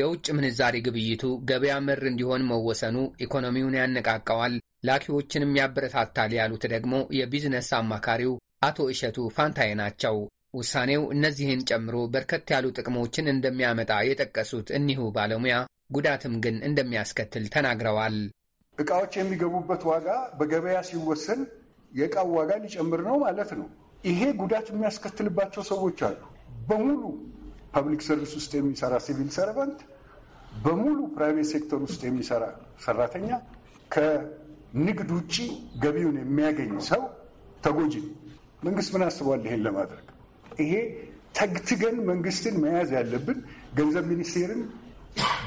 የውጭ ምንዛሬ ግብይቱ ገበያ መር እንዲሆን መወሰኑ ኢኮኖሚውን ያነቃቀዋል፣ ላኪዎችንም ያበረታታል ያሉት ደግሞ የቢዝነስ አማካሪው አቶ እሸቱ ፋንታዬ ናቸው። ውሳኔው እነዚህን ጨምሮ በርከት ያሉ ጥቅሞችን እንደሚያመጣ የጠቀሱት እኒሁ ባለሙያ ጉዳትም ግን እንደሚያስከትል ተናግረዋል። እቃዎች የሚገቡበት ዋጋ በገበያ ሲወሰን የእቃው ዋጋ ሊጨምር ነው ማለት ነው። ይሄ ጉዳት የሚያስከትልባቸው ሰዎች አሉ። በሙሉ ፐብሊክ ሰርቪስ ውስጥ የሚሰራ ሲቪል ሰርቫንት፣ በሙሉ ፕራይቬት ሴክተር ውስጥ የሚሰራ ሰራተኛ ንግድ ውጪ ገቢውን የሚያገኝ ሰው ተጎጂ ነው። መንግስት ምን አስቧል ይሄን ለማድረግ? ይሄ ተግትገን መንግስትን መያዝ ያለብን ገንዘብ ሚኒስቴርን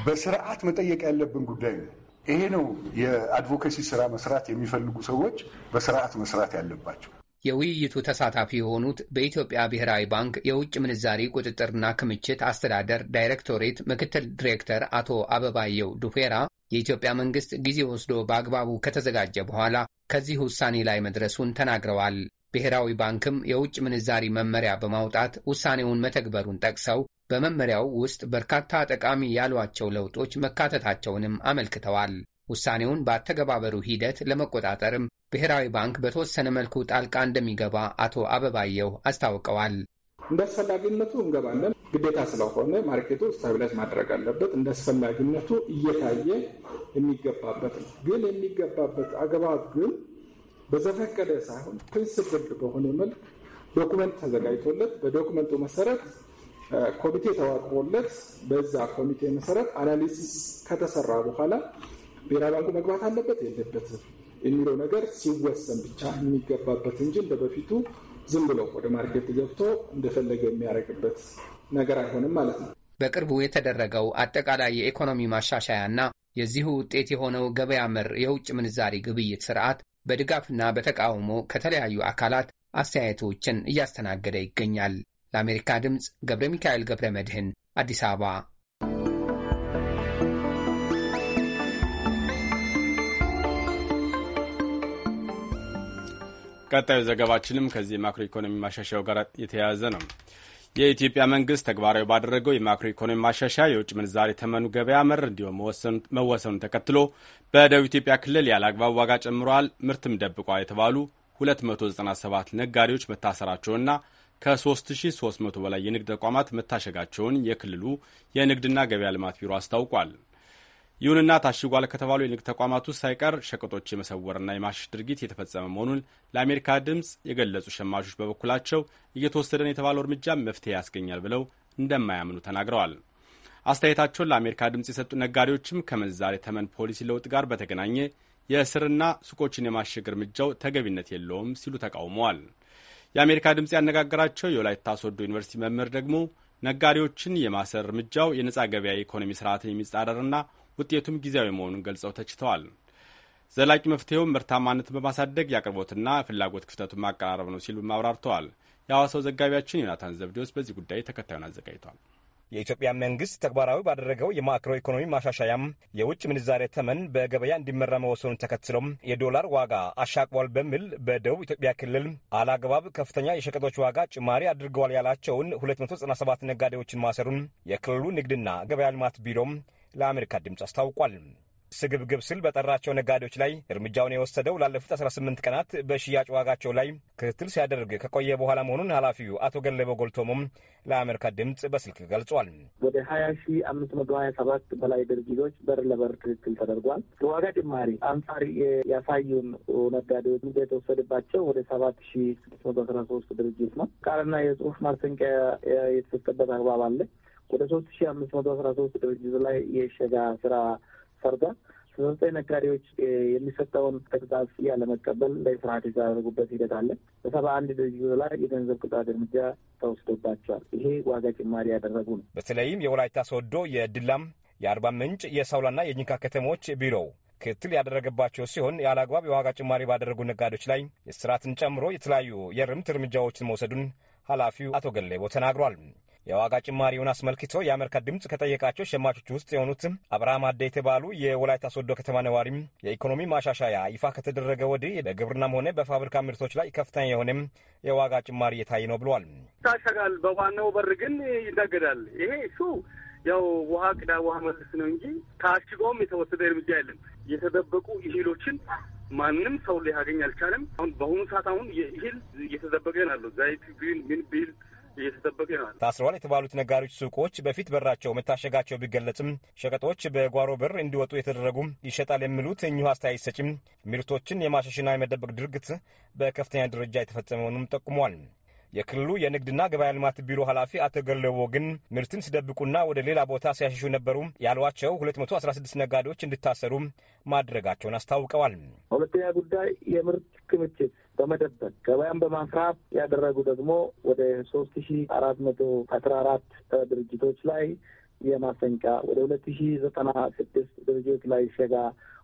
በስርዓት መጠየቅ ያለብን ጉዳይ ነው። ይሄ ነው የአድቮኬሲ ስራ መስራት የሚፈልጉ ሰዎች በስርዓት መስራት ያለባቸው። የውይይቱ ተሳታፊ የሆኑት በኢትዮጵያ ብሔራዊ ባንክ የውጭ ምንዛሪ ቁጥጥርና ክምችት አስተዳደር ዳይሬክቶሬት ምክትል ዲሬክተር አቶ አበባየው ዱፌራ የኢትዮጵያ መንግስት ጊዜ ወስዶ በአግባቡ ከተዘጋጀ በኋላ ከዚህ ውሳኔ ላይ መድረሱን ተናግረዋል። ብሔራዊ ባንክም የውጭ ምንዛሪ መመሪያ በማውጣት ውሳኔውን መተግበሩን ጠቅሰው በመመሪያው ውስጥ በርካታ ጠቃሚ ያሏቸው ለውጦች መካተታቸውንም አመልክተዋል። ውሳኔውን በአተገባበሩ ሂደት ለመቆጣጠርም ብሔራዊ ባንክ በተወሰነ መልኩ ጣልቃ እንደሚገባ አቶ አበባየሁ አስታውቀዋል። እንደ አስፈላጊነቱ እንገባለን። ግዴታ ስለሆነ ማርኬቱ ስታቢላይዝ ማድረግ አለበት። እንደ አስፈላጊነቱ እየታየ የሚገባበት ነው። ግን የሚገባበት አግባብ ግን በዘፈቀደ ሳይሆን ፕሪንስፕል በሆነ መልክ ዶኩመንት ተዘጋጅቶለት በዶኩመንቱ መሰረት ኮሚቴ ተዋቅቦለት በዛ ኮሚቴ መሰረት አናሊሲስ ከተሰራ በኋላ ብሔራዊ ባንኩ መግባት አለበት የለበትም የሚለው ነገር ሲወሰን ብቻ የሚገባበት እንጂ እንደ በፊቱ ዝም ብሎ ወደ ማርኬት ገብቶ እንደፈለገ የሚያደርግበት ነገር አይሆንም ማለት ነው። በቅርቡ የተደረገው አጠቃላይ የኢኮኖሚ ማሻሻያና የዚሁ ውጤት የሆነው ገበያ መር የውጭ ምንዛሪ ግብይት ስርዓት በድጋፍና በተቃውሞ ከተለያዩ አካላት አስተያየቶችን እያስተናገደ ይገኛል። ለአሜሪካ ድምፅ ገብረ ሚካኤል ገብረ መድህን አዲስ አበባ ቀጣዩ ዘገባችንም ከዚህ የማክሮ ኢኮኖሚ ማሻሻያው ጋር የተያያዘ ነው። የኢትዮጵያ መንግስት ተግባራዊ ባደረገው የማክሮ ኢኮኖሚ ማሻሻያ የውጭ ምንዛሬ ተመኑ ገበያ መር እንዲሁም መወሰኑን ተከትሎ በደቡብ ኢትዮጵያ ክልል ያለ አግባብ ዋጋ ጨምረዋል፣ ምርትም ደብቋል የተባሉ 297 ነጋዴዎች መታሰራቸውና ከ3300 በላይ የንግድ ተቋማት መታሸጋቸውን የክልሉ የንግድና ገበያ ልማት ቢሮ አስታውቋል። ይሁንና ታሽጓል ከተባሉ የንግድ ተቋማት ውስጥ ሳይቀር ሸቀጦች የመሰወርና የማሸሽ ድርጊት የተፈጸመ መሆኑን ለአሜሪካ ድምፅ የገለጹ ሸማቾች በበኩላቸው እየተወሰደን የተባለው እርምጃ መፍትሄ ያስገኛል ብለው እንደማያምኑ ተናግረዋል። አስተያየታቸውን ለአሜሪካ ድምፅ የሰጡ ነጋዴዎችም ከምንዛሬ ተመን ፖሊሲ ለውጥ ጋር በተገናኘ የእስርና ሱቆችን የማሸግ እርምጃው ተገቢነት የለውም ሲሉ ተቃውመዋል። የአሜሪካ ድምፅ ያነጋገራቸው የወላይታ ሶዶ ዩኒቨርሲቲ መምህር ደግሞ ነጋዴዎችን የማሰር እርምጃው የነጻ ገበያ ኢኮኖሚ ስርዓትን የሚጻረርና ውጤቱም ጊዜያዊ መሆኑን ገልጸው ተችተዋል። ዘላቂ መፍትሄው ምርታማነትን በማሳደግ የአቅርቦትና ፍላጎት ክፍተቱን ማቀራረብ ነው ሲሉ አብራርተዋል። የሐዋሳው ዘጋቢያችን ዮናታን ዘብዴዎስ በዚህ ጉዳይ ተከታዩን አዘጋጅቷል። የኢትዮጵያ መንግስት ተግባራዊ ባደረገው የማክሮ ኢኮኖሚ ማሻሻያም የውጭ ምንዛሬ ተመን በገበያ እንዲመራ መወሰኑን ተከትሎም የዶላር ዋጋ አሻቅቧል በሚል በደቡብ ኢትዮጵያ ክልል አላግባብ ከፍተኛ የሸቀጦች ዋጋ ጭማሪ አድርገዋል ያላቸውን 297 ነጋዴዎችን ማሰሩን የክልሉ ንግድና ገበያ ልማት ቢሮም ለአሜሪካ ድምፅ አስታውቋል። ስግብግብ ስል በጠራቸው ነጋዴዎች ላይ እርምጃውን የወሰደው ላለፉት 18 ቀናት በሽያጭ ዋጋቸው ላይ ክትትል ሲያደርግ ከቆየ በኋላ መሆኑን ኃላፊው አቶ ገለበ ጎልቶሞም ለአሜሪካ ድምፅ በስልክ ገልጿል። ወደ 20 ሺ 527 በላይ ድርጅቶች በር ለበር ክትትል ተደርጓል። ከዋጋ ጭማሪ አንጻር ያሳዩን ነጋዴዎች እርምጃ የተወሰደባቸው ወደ 7 ሺ 613 ድርጅት ነው። ቃልና የጽሁፍ ማስጠንቀቂያ የተሰጠበት አግባብ አለ። ወደ ሶስት ሺ አምስት መቶ አስራ ሶስት ድርጅት ላይ የሸጋ ስራ ሰርታ ዘጠኝ ነጋዴዎች የሚሰጠውን ቅጣት ያለመቀበል ለስርዓት የተዳረጉበት ሂደት አለ። በሰባ አንድ ድርጅት ላይ የገንዘብ ቅጣት እርምጃ ተወስዶባቸዋል። ይሄ ዋጋ ጭማሪ ያደረጉ ነው። በተለይም የወላይታ ሶዶ፣ የድላም፣ የአርባ ምንጭ፣ የሳውላና የጂንካ ከተሞች ቢሮው ክትል ያደረገባቸው ሲሆን ያለ የዋጋ ጭማሪ ባደረጉ ነጋዴዎች ላይ የስርዓትን ጨምሮ የተለያዩ የርምት እርምጃዎችን መውሰዱን ኃላፊው አቶ ገለቦ ተናግሯል። የዋጋ ጭማሪውን አስመልክቶ የአሜሪካ ድምፅ ከጠየቃቸው ሸማቾች ውስጥ የሆኑት አብርሃም አደ የተባሉ የወላይታ ሶዶ ከተማ ነዋሪም የኢኮኖሚ ማሻሻያ ይፋ ከተደረገ ወዲህ በግብርናም ሆነ በፋብሪካ ምርቶች ላይ ከፍተኛ የሆነም የዋጋ ጭማሪ እየታየ ነው ብለዋል። ይታሸጋል፣ በዋናው በር ግን ይነገዳል። ይሄ እሱ ያው ውሃ ቅዳ ውሃ መልስ ነው እንጂ ታሽጎም የተወሰደ እርምጃ የለም። የተደበቁ እህሎችን ማንም ሰው ሊያገኝ አልቻለም። አሁን በአሁኑ ሰዓት አሁን የእህል እየተደበቀ ናሉ ዛይት ግን ምን ቢል እየተጠበቀ ይሆናል። ታስረዋል የተባሉት ነጋዴዎች ሱቆች በፊት በራቸው መታሸጋቸው ቢገለጽም ሸቀጦች በጓሮ በር እንዲወጡ የተደረጉ ይሸጣል የሚሉት እኚሁ አስተያየት ሰጪም ምርቶችን የማሸሽና የመደበቅ ድርግት በከፍተኛ ደረጃ የተፈጸመ መሆኑም ጠቁሟል። የክልሉ የንግድና ገበያ ልማት ቢሮ ኃላፊ አቶ ገለቦ ግን ምርትን ሲደብቁና ወደ ሌላ ቦታ ሲያሸሹ ነበሩ ያሏቸው 216 ነጋዴዎች እንዲታሰሩ ማድረጋቸውን አስታውቀዋል። ሁለተኛ ጉዳይ የምርት ክምችት በመደበቅ ገበያን በማስራት ያደረጉ ደግሞ ወደ ሶስት ሺ አራት መቶ አስራ አራት ድርጅቶች ላይ የማስጠንቀቂያ ወደ ሁለት ሺ ዘጠና ስድስት ድርጅቶች ላይ ሸጋ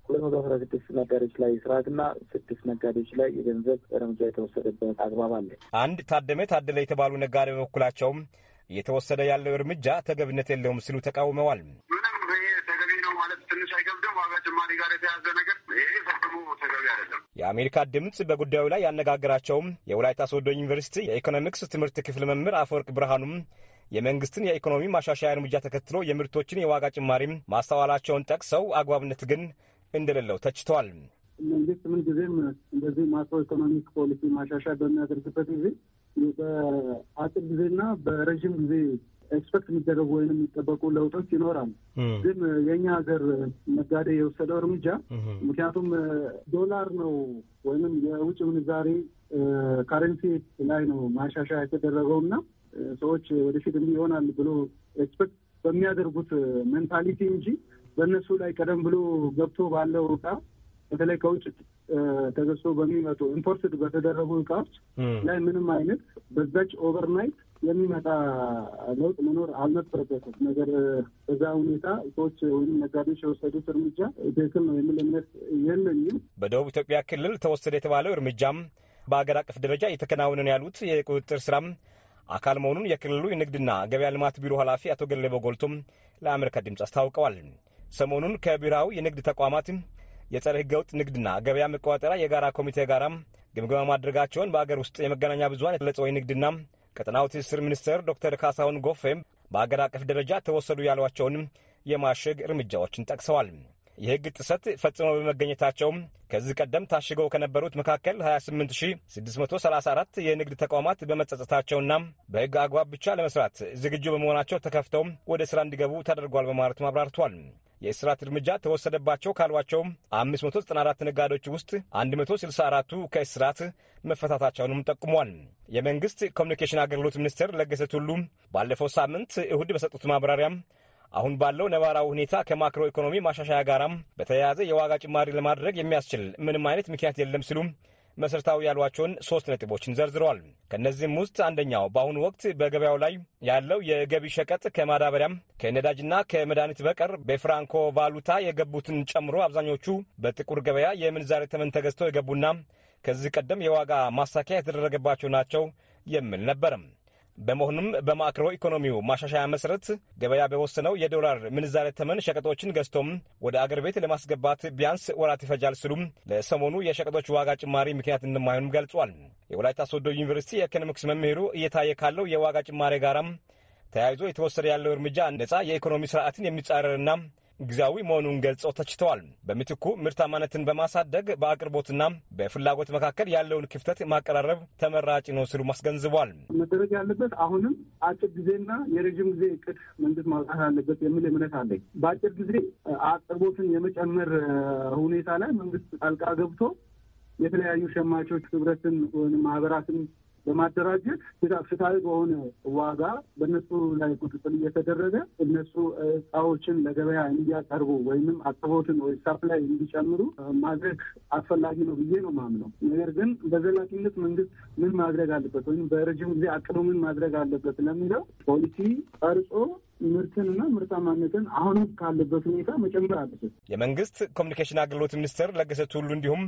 ሁለት መቶ አስራ ስድስት ነጋዴዎች ላይ ስርዓትና ስድስት ነጋዴዎች ላይ የገንዘብ እርምጃ የተወሰደበት አግባብ አለ። አንድ ታደመ ታደለ የተባሉ ነጋዴ በበኩላቸውም እየተወሰደ ያለው እርምጃ ተገቢነት የለውም ሲሉ ተቃውመዋል። ጭማሪ ጋር የተያዘ ነገር ፈጽሞ ተገቢ አይደለም። የአሜሪካ ድምፅ በጉዳዩ ላይ ያነጋገራቸውም የወላይታ ሶዶ ዩኒቨርሲቲ የኢኮኖሚክስ ትምህርት ክፍል መምህር አፈወርቅ ብርሃኑም የመንግስትን የኢኮኖሚ ማሻሻያ እርምጃ ተከትሎ የምርቶችን የዋጋ ጭማሪም ማስተዋላቸውን ጠቅሰው አግባብነት ግን እንደሌለው ተችተዋል። መንግስት ምንጊዜም እንደዚህ ማክሮ ኢኮኖሚክ ፖሊሲ ማሻሻ በሚያደርግበት ጊዜ በአጭር ጊዜና በረዥም ጊዜ ኤክስፐክት የሚደረጉ ወይም የሚጠበቁ ለውጦች ይኖራል። ግን የእኛ ሀገር ነጋዴ የወሰደው እርምጃ ምክንያቱም ዶላር ነው ወይም የውጭ ምንዛሬ ካረንሲ ላይ ነው ማሻሻያ የተደረገው እና ሰዎች ወደፊት እንዲህ ይሆናል ብሎ ኤክስፐክት በሚያደርጉት ሜንታሊቲ እንጂ በእነሱ ላይ ቀደም ብሎ ገብቶ ባለው እቃ በተለይ ከውጭ ተገዝቶ በሚመጡ ኢምፖርትድ በተደረጉ እቃዎች ላይ ምንም አይነት በዛች ኦቨርናይት የሚመጣ ለውጥ መኖር አልነበረበትም። ነገር በዛ ሁኔታ ሰዎች ወይም ነጋዴዎች የወሰዱት እርምጃ ትክክል ነው የሚል እምነት የለኝም። በደቡብ ኢትዮጵያ ክልል ተወሰደ የተባለው እርምጃም በሀገር አቀፍ ደረጃ እየተከናወነ ነው ያሉት የቁጥጥር ስራም አካል መሆኑን የክልሉ የንግድና ገበያ ልማት ቢሮ ኃላፊ አቶ ገለበ ጎልቶም ለአሜሪካ ድምፅ አስታውቀዋል። ሰሞኑን ከቢራው የንግድ ተቋማት የጸረ ህገወጥ ንግድና ገበያ መቆጣጠሪያ የጋራ ኮሚቴ ጋራም ግምገማ ማድረጋቸውን በአገር ውስጥ የመገናኛ ብዙኃን የገለጸው ንግድና ቀጠናዊ ትስስር ሚኒስትር ዶክተር ካሳሁን ጎፌም በአገር አቀፍ ደረጃ ተወሰዱ ያሏቸውንም የማሸግ እርምጃዎችን ጠቅሰዋል። የህግ ጥሰት ፈጽሞ በመገኘታቸውም ከዚህ ቀደም ታሽገው ከነበሩት መካከል 28634 የንግድ ተቋማት በመጸጸታቸውና በህግ አግባብ ብቻ ለመስራት ዝግጁ በመሆናቸው ተከፍተው ወደ ስራ እንዲገቡ ተደርጓል በማለት አብራርቷል። የእስራት እርምጃ ተወሰደባቸው ካሏቸውም 594 ነጋዴዎች ውስጥ 164ቱ ከእስራት መፈታታቸውንም ጠቁሟል። የመንግሥት ኮሚኒኬሽን አገልግሎት ሚኒስቴር ለገሰ ቱሉ ባለፈው ሳምንት እሁድ በሰጡት ማብራሪያም አሁን ባለው ነባራዊ ሁኔታ ከማክሮ ኢኮኖሚ ማሻሻያ ጋራም በተያያዘ የዋጋ ጭማሪ ለማድረግ የሚያስችል ምንም አይነት ምክንያት የለም ሲሉም መሰረታዊ ያሏቸውን ሶስት ነጥቦችን ዘርዝረዋል። ከእነዚህም ውስጥ አንደኛው በአሁኑ ወቅት በገበያው ላይ ያለው የገቢ ሸቀጥ ከማዳበሪያም ከነዳጅና ከመድኃኒት በቀር በፍራንኮ ቫሉታ የገቡትን ጨምሮ አብዛኞቹ በጥቁር ገበያ የምንዛሬ ተመን ተገዝተው የገቡና ከዚህ ቀደም የዋጋ ማሳኪያ የተደረገባቸው ናቸው የሚል ነበርም። በመሆኑም በማክሮ ኢኮኖሚው ማሻሻያ መሰረት ገበያ በወሰነው የዶላር ምንዛሬ ተመን ሸቀጦችን ገዝቶም ወደ አገር ቤት ለማስገባት ቢያንስ ወራት ይፈጃል ሲሉም ለሰሞኑ የሸቀጦች ዋጋ ጭማሪ ምክንያት እንደማይሆንም ገልጿል። የወላይታ ሶዶ ዩኒቨርሲቲ የኢኮኖሚክስ መምህሩ እየታየ ካለው የዋጋ ጭማሪ ጋራም ተያይዞ የተወሰደ ያለው እርምጃ ነጻ የኢኮኖሚ ስርዓትን የሚጻረርና ጊዜያዊ መሆኑን ገልጸው ተችተዋል። በምትኩ ምርታማነትን በማሳደግ በአቅርቦትና በፍላጎት መካከል ያለውን ክፍተት ማቀራረብ ተመራጭ ነው ሲሉ አስገንዝቧል። መደረግ ያለበት አሁንም አጭር ጊዜና የረዥም ጊዜ እቅድ መንግስት ማውጣት አለበት የሚል እምነት አለኝ። በአጭር ጊዜ አቅርቦትን የመጨመር ሁኔታ ላይ መንግስት ጣልቃ ገብቶ የተለያዩ ሸማቾች ህብረትን ወይም ማህበራትን በማደራጀት ፍትሐዊ በሆነ ዋጋ በእነሱ ላይ ቁጥጥር እየተደረገ እነሱ እቃዎችን ለገበያ እንዲያቀርቡ ወይም አቅርቦትን ወይ ሳፕላይ እንዲጨምሩ ማድረግ አስፈላጊ ነው ብዬ ነው ማምነው። ነገር ግን በዘላቂነት መንግስት ምን ማድረግ አለበት ወይም በረጅም ጊዜ አቅዶ ምን ማድረግ አለበት ለሚለው ፖሊሲ ቀርጾ ምርትንና ምርታማነትን አሁንም ካለበት ሁኔታ መጨመር አለበት። የመንግስት ኮሚኒኬሽን አገልግሎት ሚኒስትር ለገሰ ቱሉ እንዲሁም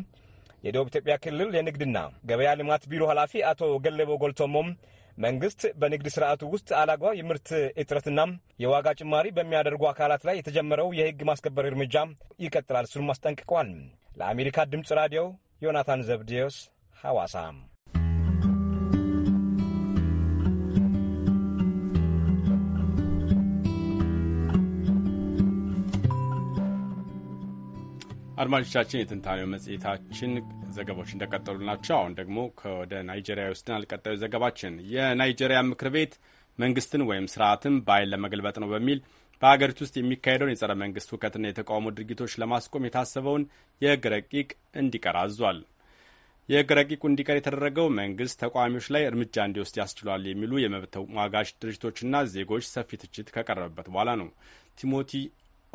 የደቡብ ኢትዮጵያ ክልል የንግድና ገበያ ልማት ቢሮ ኃላፊ አቶ ገለቦ ጎልቶሞም መንግስት በንግድ ስርዓቱ ውስጥ አላጓ የምርት እጥረትና የዋጋ ጭማሪ በሚያደርጉ አካላት ላይ የተጀመረው የህግ ማስከበር እርምጃ ይቀጥላል ሲሉም አስጠንቅቀዋል። ለአሜሪካ ድምፅ ራዲዮ ዮናታን ዘብዴዎስ ሐዋሳም አድማጮቻችን የትንታኔው መጽሔታችን ዘገባዎች እንደቀጠሉ ናቸው። አሁን ደግሞ ወደ ናይጄሪያ ይወስደናል። ቀጣዩ ዘገባችን የናይጄሪያ ምክር ቤት መንግስትን ወይም ስርዓትን በኃይል ለመገልበጥ ነው በሚል በሀገሪቱ ውስጥ የሚካሄደውን የጸረ መንግስት ሁከትና የተቃውሞ ድርጊቶች ለማስቆም የታሰበውን የህግ ረቂቅ እንዲቀር አዟል። የህግ ረቂቁ እንዲቀር የተደረገው መንግስት ተቃዋሚዎች ላይ እርምጃ እንዲወስድ ያስችሏል የሚሉ የመብት ተሟጋች ድርጅቶችና ዜጎች ሰፊ ትችት ከቀረበበት በኋላ ነው። ቲሞቲ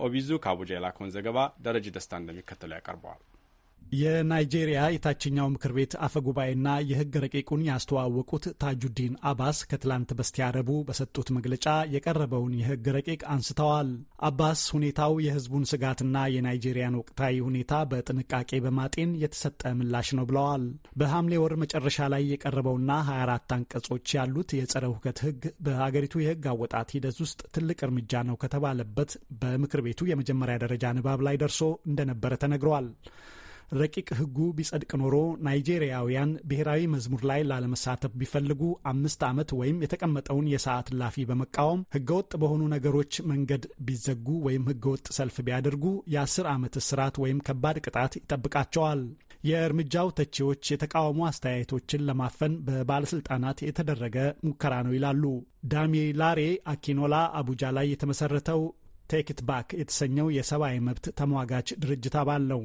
ኦቢዙ ካቡጃ የላከውን ዘገባ ደረጀ ደስታ እንደሚከተለው ያቀርበዋል። የናይጄሪያ የታችኛው ምክር ቤት አፈጉባኤና የሕግ ረቂቁን ያስተዋወቁት ታጁዲን አባስ ከትላንት በስቲያ ረቡዕ በሰጡት መግለጫ የቀረበውን የሕግ ረቂቅ አንስተዋል። አባስ ሁኔታው የሕዝቡን ስጋትና የናይጄሪያን ወቅታዊ ሁኔታ በጥንቃቄ በማጤን የተሰጠ ምላሽ ነው ብለዋል። በሐምሌ ወር መጨረሻ ላይ የቀረበውና 24 አንቀጾች ያሉት የጸረ ሁከት ሕግ በሀገሪቱ የሕግ አወጣት ሂደት ውስጥ ትልቅ እርምጃ ነው ከተባለበት በምክር ቤቱ የመጀመሪያ ደረጃ ንባብ ላይ ደርሶ እንደነበረ ተነግሯል። ረቂቅ ሕጉ ቢጸድቅ ኖሮ ናይጄሪያውያን ብሔራዊ መዝሙር ላይ ላለመሳተፍ ቢፈልጉ አምስት ዓመት ወይም የተቀመጠውን የሰዓት ላፊ በመቃወም ሕገወጥ በሆኑ ነገሮች መንገድ ቢዘጉ ወይም ሕገወጥ ሰልፍ ቢያደርጉ የአስር ዓመት እስራት ወይም ከባድ ቅጣት ይጠብቃቸዋል። የእርምጃው ተቺዎች የተቃውሞ አስተያየቶችን ለማፈን በባለስልጣናት የተደረገ ሙከራ ነው ይላሉ። ዳሚላሬ አኪኖላ አቡጃ ላይ የተመሰረተው ቴክት ባክ የተሰኘው የሰብአዊ መብት ተሟጋች ድርጅት አባል ነው።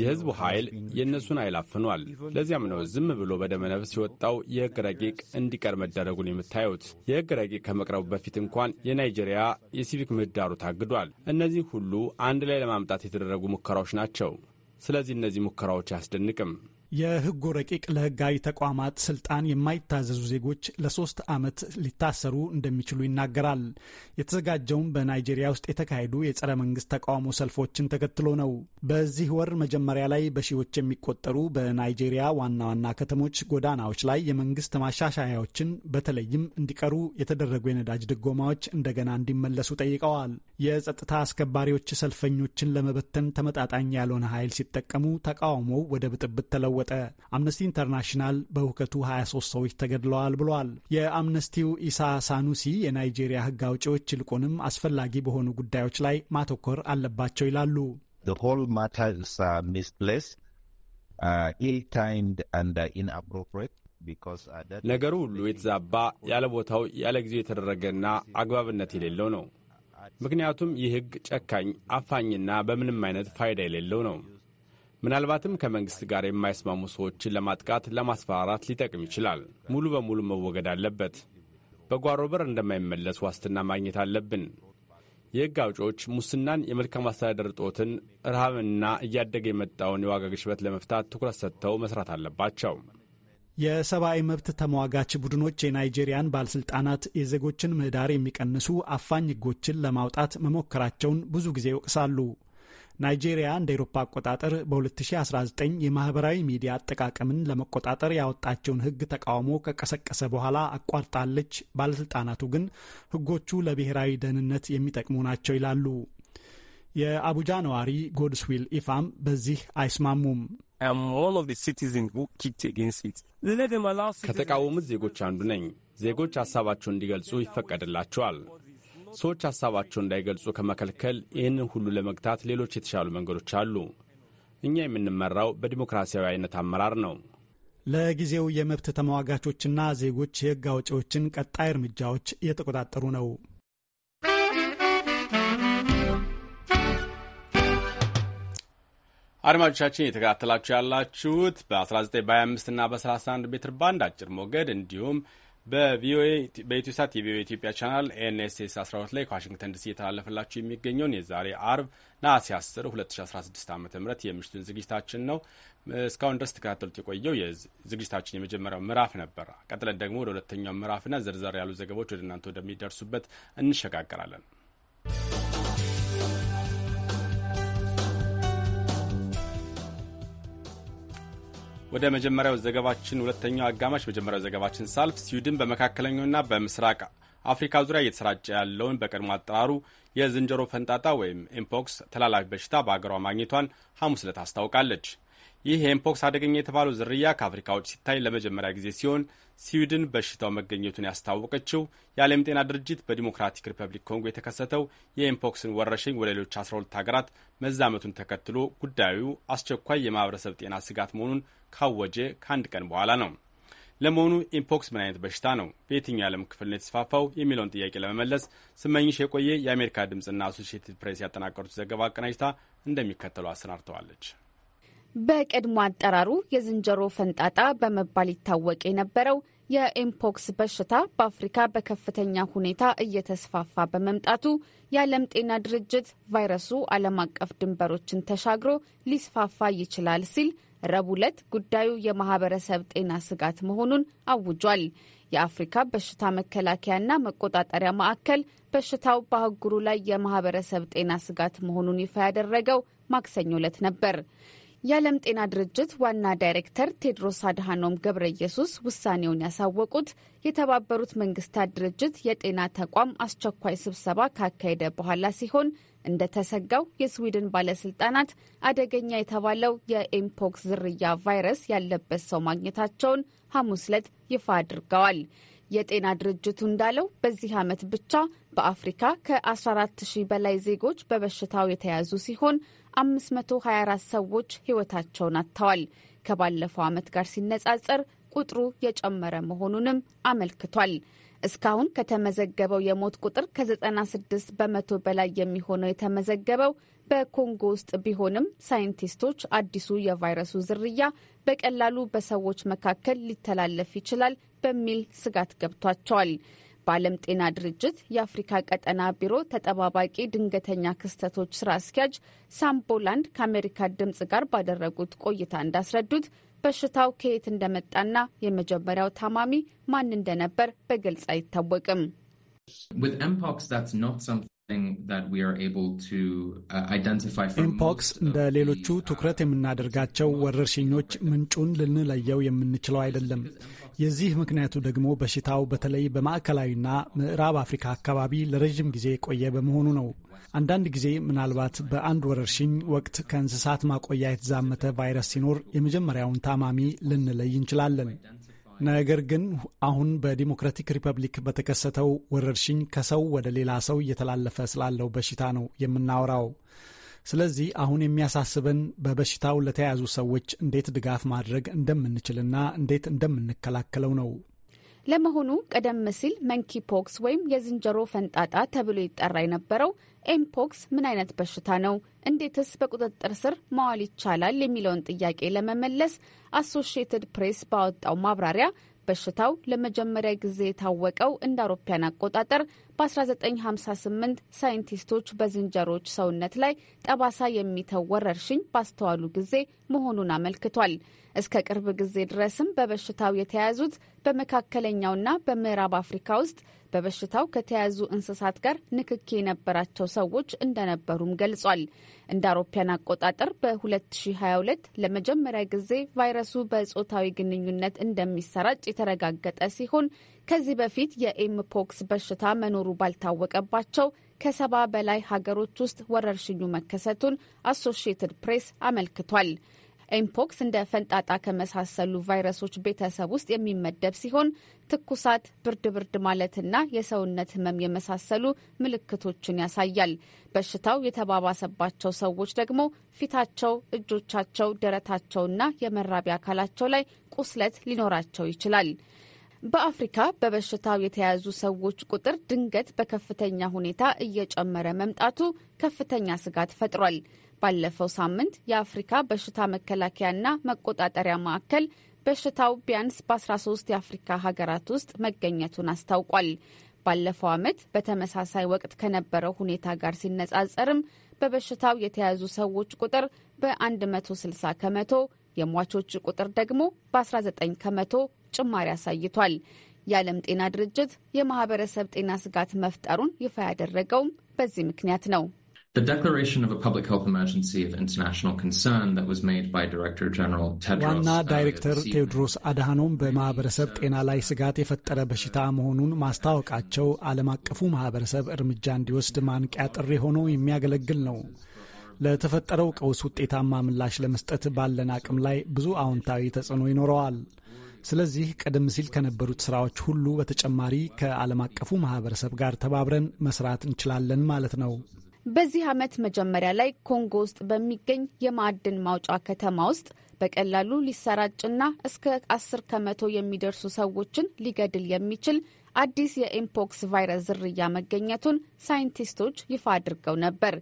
የህዝቡ ኃይል የእነሱን ኃይል አፍኗል። ለዚያም ነው ዝም ብሎ በደመነፍስ የወጣው የህግ ረቂቅ እንዲቀር መደረጉን የምታዩት። የህግ ረቂቅ ከመቅረቡ በፊት እንኳን የናይጄሪያ የሲቪክ ምህዳሩ ታግዷል። እነዚህ ሁሉ አንድ ላይ ለማምጣት የተደረጉ ሙከራዎች ናቸው። ስለዚህ እነዚህ ሙከራዎች አያስደንቅም። የህጉ ረቂቅ ለህጋዊ ተቋማት ስልጣን የማይታዘዙ ዜጎች ለሶስት ዓመት ሊታሰሩ እንደሚችሉ ይናገራል። የተዘጋጀውም በናይጄሪያ ውስጥ የተካሄዱ የጸረ መንግስት ተቃውሞ ሰልፎችን ተከትሎ ነው። በዚህ ወር መጀመሪያ ላይ በሺዎች የሚቆጠሩ በናይጄሪያ ዋና ዋና ከተሞች ጎዳናዎች ላይ የመንግስት ማሻሻያዎችን በተለይም እንዲቀሩ የተደረጉ የነዳጅ ድጎማዎች እንደገና እንዲመለሱ ጠይቀዋል። የጸጥታ አስከባሪዎች ሰልፈኞችን ለመበተን ተመጣጣኝ ያልሆነ ኃይል ሲጠቀሙ ተቃውሞው ወደ ብጥብጥ ተለወ ተለወጠ። አምነስቲ ኢንተርናሽናል በሁከቱ 23 ሰዎች ተገድለዋል ብለዋል። የአምነስቲው ኢሳ ሳኑሲ የናይጄሪያ ሕግ አውጪዎች ይልቁንም አስፈላጊ በሆኑ ጉዳዮች ላይ ማተኮር አለባቸው ይላሉ። uh, uh, uh, ነገሩ ሁሉ የተዛባ ያለ ቦታው ያለ ጊዜው የተደረገና አግባብነት የሌለው ነው። ምክንያቱም ይህ ሕግ ጨካኝ፣ አፋኝና በምንም አይነት ፋይዳ የሌለው ነው። ምናልባትም ከመንግስት ጋር የማይስማሙ ሰዎችን ለማጥቃት፣ ለማስፈራራት ሊጠቅም ይችላል። ሙሉ በሙሉ መወገድ አለበት። በጓሮ በር እንደማይመለስ ዋስትና ማግኘት አለብን። የሕግ አውጪዎች ሙስናን፣ የመልካም አስተዳደር እጦትን፣ ረሃብንና እያደገ የመጣውን የዋጋ ግሽበት ለመፍታት ትኩረት ሰጥተው መስራት አለባቸው። የሰብአዊ መብት ተሟጋች ቡድኖች የናይጄሪያን ባለስልጣናት የዜጎችን ምህዳር የሚቀንሱ አፋኝ ሕጎችን ለማውጣት መሞከራቸውን ብዙ ጊዜ ይወቅሳሉ። ናይጄሪያ እንደ ኤሮፓ አቆጣጠር በ2019 የማህበራዊ ሚዲያ አጠቃቀምን ለመቆጣጠር ያወጣቸውን ህግ ተቃውሞ ከቀሰቀሰ በኋላ አቋርጣለች። ባለስልጣናቱ ግን ህጎቹ ለብሔራዊ ደህንነት የሚጠቅሙ ናቸው ይላሉ። የአቡጃ ነዋሪ ጎድስዊል ኢፋም በዚህ አይስማሙም። ከተቃወሙት ዜጎች አንዱ ነኝ። ዜጎች ሀሳባቸውን እንዲገልጹ ይፈቀድላቸዋል። ሰዎች ሀሳባቸው እንዳይገልጹ ከመከልከል ይህንን ሁሉ ለመግታት ሌሎች የተሻሉ መንገዶች አሉ። እኛ የምንመራው በዲሞክራሲያዊ አይነት አመራር ነው። ለጊዜው የመብት ተሟጋቾችና ዜጎች የህግ አውጪዎችን ቀጣይ እርምጃዎች እየተቆጣጠሩ ነው። አድማጮቻችን የተከታተላችሁ ያላችሁት በ19 በ25 እና በ31 ሜትር ባንድ አጭር ሞገድ እንዲሁም በቪኦኤ በኢትዮሳት የቪኦኤ ኢትዮጵያ ቻናል ኤንኤስኤስ 12 ላይ ከዋሽንግተን ዲሲ የተላለፈላችሁ የሚገኘውን የዛሬ አርብ ነሐሴ 10 2016 ዓ ም የምሽቱን ዝግጅታችን ነው። እስካሁን ድረስ ተከታተሉት የቆየው የዝግጅታችን የመጀመሪያው ምዕራፍ ነበር። ቀጥለን ደግሞ ወደ ሁለተኛው ምዕራፍና ዘርዘር ያሉ ዘገባዎች ወደ እናንተ ወደሚደርሱበት እንሸጋገራለን። ወደ መጀመሪያው ዘገባችን ሁለተኛው አጋማሽ መጀመሪያው ዘገባችን ሳልፍ ስዊድን በመካከለኛውና በምስራቅ አፍሪካ ዙሪያ እየተሰራጨ ያለውን በቀድሞ አጠራሩ የዝንጀሮ ፈንጣጣ ወይም ኢምፖክስ ተላላፊ በሽታ በአገሯ ማግኘቷን ሐሙስ ዕለት አስታውቃለች። ይህ የኤምፖክስ አደገኛ የተባለው ዝርያ ከአፍሪካዎች ሲታይ ለመጀመሪያ ጊዜ ሲሆን ስዊድን በሽታው መገኘቱን ያስታወቀችው የዓለም ጤና ድርጅት በዲሞክራቲክ ሪፐብሊክ ኮንጎ የተከሰተው የኤምፖክስን ወረርሽኝ ወደ ሌሎች 12 ሀገራት መዛመቱን ተከትሎ ጉዳዩ አስቸኳይ የማህበረሰብ ጤና ስጋት መሆኑን ካወጀ ከአንድ ቀን በኋላ ነው። ለመሆኑ ኢምፖክስ ምን አይነት በሽታ ነው? በየትኛው የዓለም ክፍል ነው የተስፋፋው? የሚለውን ጥያቄ ለመመለስ ስመኝሽ የቆየ የአሜሪካ ድምፅና አሶሽትድ ፕሬስ ያጠናቀሩት ዘገባ አቀናጅታ እንደሚከተሉ አሰናድተዋለች። በቀድሞ አጠራሩ የዝንጀሮ ፈንጣጣ በመባል ይታወቅ የነበረው የኤምፖክስ በሽታ በአፍሪካ በከፍተኛ ሁኔታ እየተስፋፋ በመምጣቱ የዓለም ጤና ድርጅት ቫይረሱ ዓለም አቀፍ ድንበሮችን ተሻግሮ ሊስፋፋ ይችላል ሲል ረቡዕ ዕለት ጉዳዩ የማህበረሰብ ጤና ስጋት መሆኑን አውጇል። የአፍሪካ በሽታ መከላከያና መቆጣጠሪያ ማዕከል በሽታው በአህጉሩ ላይ የማህበረሰብ ጤና ስጋት መሆኑን ይፋ ያደረገው ማክሰኞ ዕለት ነበር። የዓለም ጤና ድርጅት ዋና ዳይሬክተር ቴድሮስ አድሃኖም ገብረ ኢየሱስ ውሳኔውን ያሳወቁት የተባበሩት መንግስታት ድርጅት የጤና ተቋም አስቸኳይ ስብሰባ ካካሄደ በኋላ ሲሆን እንደተሰጋው የስዊድን ባለስልጣናት አደገኛ የተባለው የኤምፖክስ ዝርያ ቫይረስ ያለበት ሰው ማግኘታቸውን ሐሙስ ዕለት ይፋ አድርገዋል። የጤና ድርጅቱ እንዳለው በዚህ ዓመት ብቻ በአፍሪካ ከ14 ሺህ በላይ ዜጎች በበሽታው የተያዙ ሲሆን 524 ሰዎች ሕይወታቸውን አጥተዋል። ከባለፈው ዓመት ጋር ሲነጻጸር ቁጥሩ የጨመረ መሆኑንም አመልክቷል። እስካሁን ከተመዘገበው የሞት ቁጥር ከ96 በመቶ በላይ የሚሆነው የተመዘገበው በኮንጎ ውስጥ ቢሆንም ሳይንቲስቶች አዲሱ የቫይረሱ ዝርያ በቀላሉ በሰዎች መካከል ሊተላለፍ ይችላል በሚል ስጋት ገብቷቸዋል። በዓለም ጤና ድርጅት የአፍሪካ ቀጠና ቢሮ ተጠባባቂ ድንገተኛ ክስተቶች ስራ አስኪያጅ ሳምቦላንድ ከአሜሪካ ድምፅ ጋር ባደረጉት ቆይታ እንዳስረዱት በሽታው ከየት እንደመጣና የመጀመሪያው ታማሚ ማን እንደነበር በግልጽ አይታወቅም። ኢምፖክስ uh, እንደ ሌሎቹ ትኩረት የምናደርጋቸው ወረርሽኞች ምንጩን ልንለየው የምንችለው አይደለም። የዚህ ምክንያቱ ደግሞ በሽታው በተለይ በማዕከላዊና ምዕራብ አፍሪካ አካባቢ ለረዥም ጊዜ የቆየ በመሆኑ ነው። አንዳንድ ጊዜ ምናልባት በአንድ ወረርሽኝ ወቅት ከእንስሳት ማቆያ የተዛመተ ቫይረስ ሲኖር የመጀመሪያውን ታማሚ ልንለይ እንችላለን። ነገር ግን አሁን በዲሞክራቲክ ሪፐብሊክ በተከሰተው ወረርሽኝ ከሰው ወደ ሌላ ሰው እየተላለፈ ስላለው በሽታ ነው የምናወራው። ስለዚህ አሁን የሚያሳስበን በበሽታው ለተያዙ ሰዎች እንዴት ድጋፍ ማድረግ እንደምንችልና እንዴት እንደምንከላከለው ነው። ለመሆኑ ቀደም ሲል መንኪ ፖክስ ወይም የዝንጀሮ ፈንጣጣ ተብሎ ይጠራ የነበረው ኤምፖክስ ምን አይነት በሽታ ነው? እንዴትስ በቁጥጥር ስር ማዋል ይቻላል? የሚለውን ጥያቄ ለመመለስ አሶሺየትድ ፕሬስ ባወጣው ማብራሪያ በሽታው ለመጀመሪያ ጊዜ የታወቀው እንደ አውሮፓያን አቆጣጠር በ1958 ሳይንቲስቶች በዝንጀሮች ሰውነት ላይ ጠባሳ የሚተው ወረርሽኝ ባስተዋሉ ጊዜ መሆኑን አመልክቷል። እስከ ቅርብ ጊዜ ድረስም በበሽታው የተያዙት በመካከለኛውና በምዕራብ አፍሪካ ውስጥ በበሽታው ከተያዙ እንስሳት ጋር ንክኪ የነበራቸው ሰዎች እንደነበሩም ገልጿል። እንደ አውሮፓውያን አቆጣጠር በ2022 ለመጀመሪያ ጊዜ ቫይረሱ በጾታዊ ግንኙነት እንደሚሰራጭ የተረጋገጠ ሲሆን ከዚህ በፊት የኤምፖክስ በሽታ መኖሩ ባልታወቀባቸው ከሰባ በላይ ሀገሮች ውስጥ ወረርሽኙ መከሰቱን አሶሺየትድ ፕሬስ አመልክቷል። ኤምፖክስ እንደ ፈንጣጣ ከመሳሰሉ ቫይረሶች ቤተሰብ ውስጥ የሚመደብ ሲሆን ትኩሳት፣ ብርድ ብርድ ማለትና የሰውነት ህመም የመሳሰሉ ምልክቶችን ያሳያል። በሽታው የተባባሰባቸው ሰዎች ደግሞ ፊታቸው፣ እጆቻቸው፣ ደረታቸውና የመራቢያ አካላቸው ላይ ቁስለት ሊኖራቸው ይችላል። በአፍሪካ በበሽታው የተያዙ ሰዎች ቁጥር ድንገት በከፍተኛ ሁኔታ እየጨመረ መምጣቱ ከፍተኛ ስጋት ፈጥሯል። ባለፈው ሳምንት የአፍሪካ በሽታ መከላከያና መቆጣጠሪያ ማዕከል በሽታው ቢያንስ በ13 የአፍሪካ ሀገራት ውስጥ መገኘቱን አስታውቋል። ባለፈው ዓመት በተመሳሳይ ወቅት ከነበረው ሁኔታ ጋር ሲነጻጸርም በበሽታው የተያዙ ሰዎች ቁጥር በ160 ከመቶ የሟቾች ቁጥር ደግሞ በ19 ከመቶ ጭማሪ አሳይቷል። የዓለም ጤና ድርጅት የማህበረሰብ ጤና ስጋት መፍጠሩን ይፋ ያደረገውም በዚህ ምክንያት ነው። ዋና ዳይሬክተር ቴዎድሮስ አድሃኖም በማህበረሰብ ጤና ላይ ስጋት የፈጠረ በሽታ መሆኑን ማስታወቃቸው ዓለም አቀፉ ማህበረሰብ እርምጃ እንዲወስድ ማንቂያ ጥሪ ሆኖ የሚያገለግል ነው። ለተፈጠረው ቀውስ ውጤታማ ምላሽ ለመስጠት ባለን አቅም ላይ ብዙ አዎንታዊ ተጽዕኖ ይኖረዋል። ስለዚህ ቀደም ሲል ከነበሩት ስራዎች ሁሉ በተጨማሪ ከዓለም አቀፉ ማህበረሰብ ጋር ተባብረን መስራት እንችላለን ማለት ነው። በዚህ ዓመት መጀመሪያ ላይ ኮንጎ ውስጥ በሚገኝ የማዕድን ማውጫ ከተማ ውስጥ በቀላሉ ሊሰራጭና እስከ አስር ከመቶ የሚደርሱ ሰዎችን ሊገድል የሚችል አዲስ የኢምፖክስ ቫይረስ ዝርያ መገኘቱን ሳይንቲስቶች ይፋ አድርገው ነበር።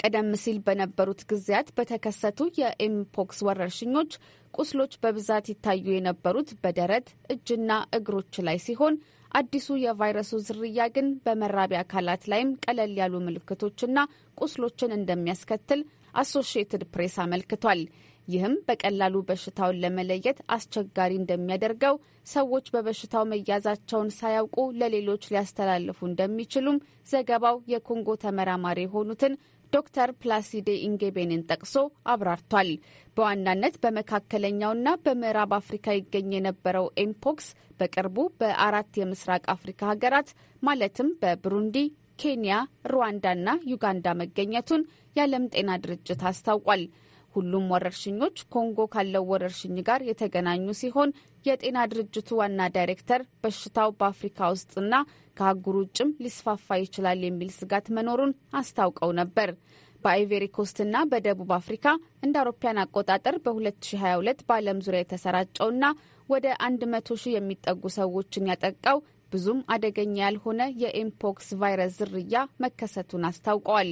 ቀደም ሲል በነበሩት ጊዜያት በተከሰቱ የኤምፖክስ ወረርሽኞች ቁስሎች በብዛት ይታዩ የነበሩት በደረት እጅና እግሮች ላይ ሲሆን አዲሱ የቫይረሱ ዝርያ ግን በመራቢያ አካላት ላይም ቀለል ያሉ ምልክቶችና ቁስሎችን እንደሚያስከትል አሶሺየትድ ፕሬስ አመልክቷል። ይህም በቀላሉ በሽታውን ለመለየት አስቸጋሪ እንደሚያደርገው፣ ሰዎች በበሽታው መያዛቸውን ሳያውቁ ለሌሎች ሊያስተላልፉ እንደሚችሉም ዘገባው የኮንጎ ተመራማሪ የሆኑትን ዶክተር ፕላሲዴ ኢንጌቤንን ጠቅሶ አብራርቷል። በዋናነት በመካከለኛውና በምዕራብ አፍሪካ ይገኝ የነበረው ኤምፖክስ በቅርቡ በአራት የምስራቅ አፍሪካ ሀገራት ማለትም በብሩንዲ፣ ኬንያ፣ ሩዋንዳና ዩጋንዳ መገኘቱን የዓለም ጤና ድርጅት አስታውቋል። ሁሉም ወረርሽኞች ኮንጎ ካለው ወረርሽኝ ጋር የተገናኙ ሲሆን የጤና ድርጅቱ ዋና ዳይሬክተር በሽታው በአፍሪካ ውስጥና ከአህጉር ውጭም ሊስፋፋ ይችላል የሚል ስጋት መኖሩን አስታውቀው ነበር። በአይቬሪ ኮስትና በደቡብ አፍሪካ እንደ አውሮፓያን አቆጣጠር በ2022 በዓለም ዙሪያ የተሰራጨውና ወደ 100 ሺህ የሚጠጉ ሰዎችን ያጠቃው ብዙም አደገኛ ያልሆነ የኤምፖክስ ቫይረስ ዝርያ መከሰቱን አስታውቀዋል።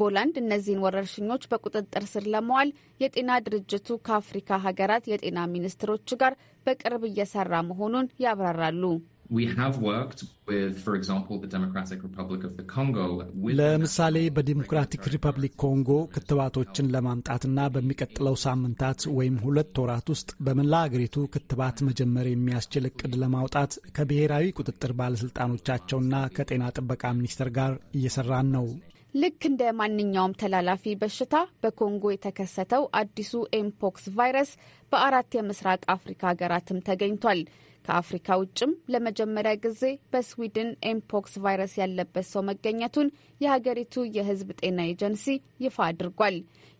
ቦላንድ እነዚህን ወረርሽኞች በቁጥጥር ስር ለመዋል የጤና ድርጅቱ ከአፍሪካ ሀገራት የጤና ሚኒስትሮች ጋር በቅርብ እየሰራ መሆኑን ያብራራሉ። ለምሳሌ በዲሞክራቲክ ሪፐብሊክ ኮንጎ ክትባቶችን ለማምጣትና በሚቀጥለው ሳምንታት ወይም ሁለት ወራት ውስጥ በመላ አገሪቱ ክትባት መጀመር የሚያስችል እቅድ ለማውጣት ከብሔራዊ ቁጥጥር ባለስልጣኖቻቸውና ከጤና ጥበቃ ሚኒስቴር ጋር እየሰራን ነው። ልክ እንደ ማንኛውም ተላላፊ በሽታ በኮንጎ የተከሰተው አዲሱ ኤምፖክስ ቫይረስ በአራት የምስራቅ አፍሪካ ሀገራትም ተገኝቷል። ከአፍሪካ ውጭም ለመጀመሪያ ጊዜ በስዊድን ኤምፖክስ ቫይረስ ያለበት ሰው መገኘቱን የሀገሪቱ የሕዝብ ጤና ኤጀንሲ ይፋ አድርጓል።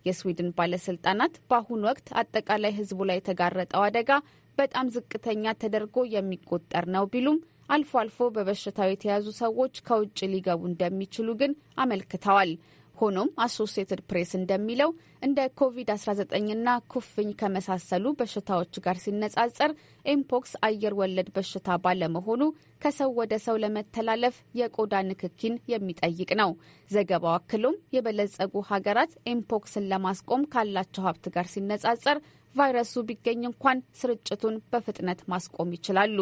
የስዊድን ባለስልጣናት በአሁኑ ወቅት አጠቃላይ ሕዝቡ ላይ የተጋረጠው አደጋ በጣም ዝቅተኛ ተደርጎ የሚቆጠር ነው ቢሉም አልፎ አልፎ በበሽታው የተያዙ ሰዎች ከውጭ ሊገቡ እንደሚችሉ ግን አመልክተዋል። ሆኖም አሶሲየትድ ፕሬስ እንደሚለው እንደ ኮቪድ-19ና ኩፍኝ ከመሳሰሉ በሽታዎች ጋር ሲነጻጸር ኤምፖክስ አየር ወለድ በሽታ ባለመሆኑ ከሰው ወደ ሰው ለመተላለፍ የቆዳ ንክኪን የሚጠይቅ ነው። ዘገባው አክሎም የበለጸጉ ሀገራት ኤምፖክስን ለማስቆም ካላቸው ሀብት ጋር ሲነጻጸር ቫይረሱ ቢገኝ እንኳን ስርጭቱን በፍጥነት ማስቆም ይችላሉ።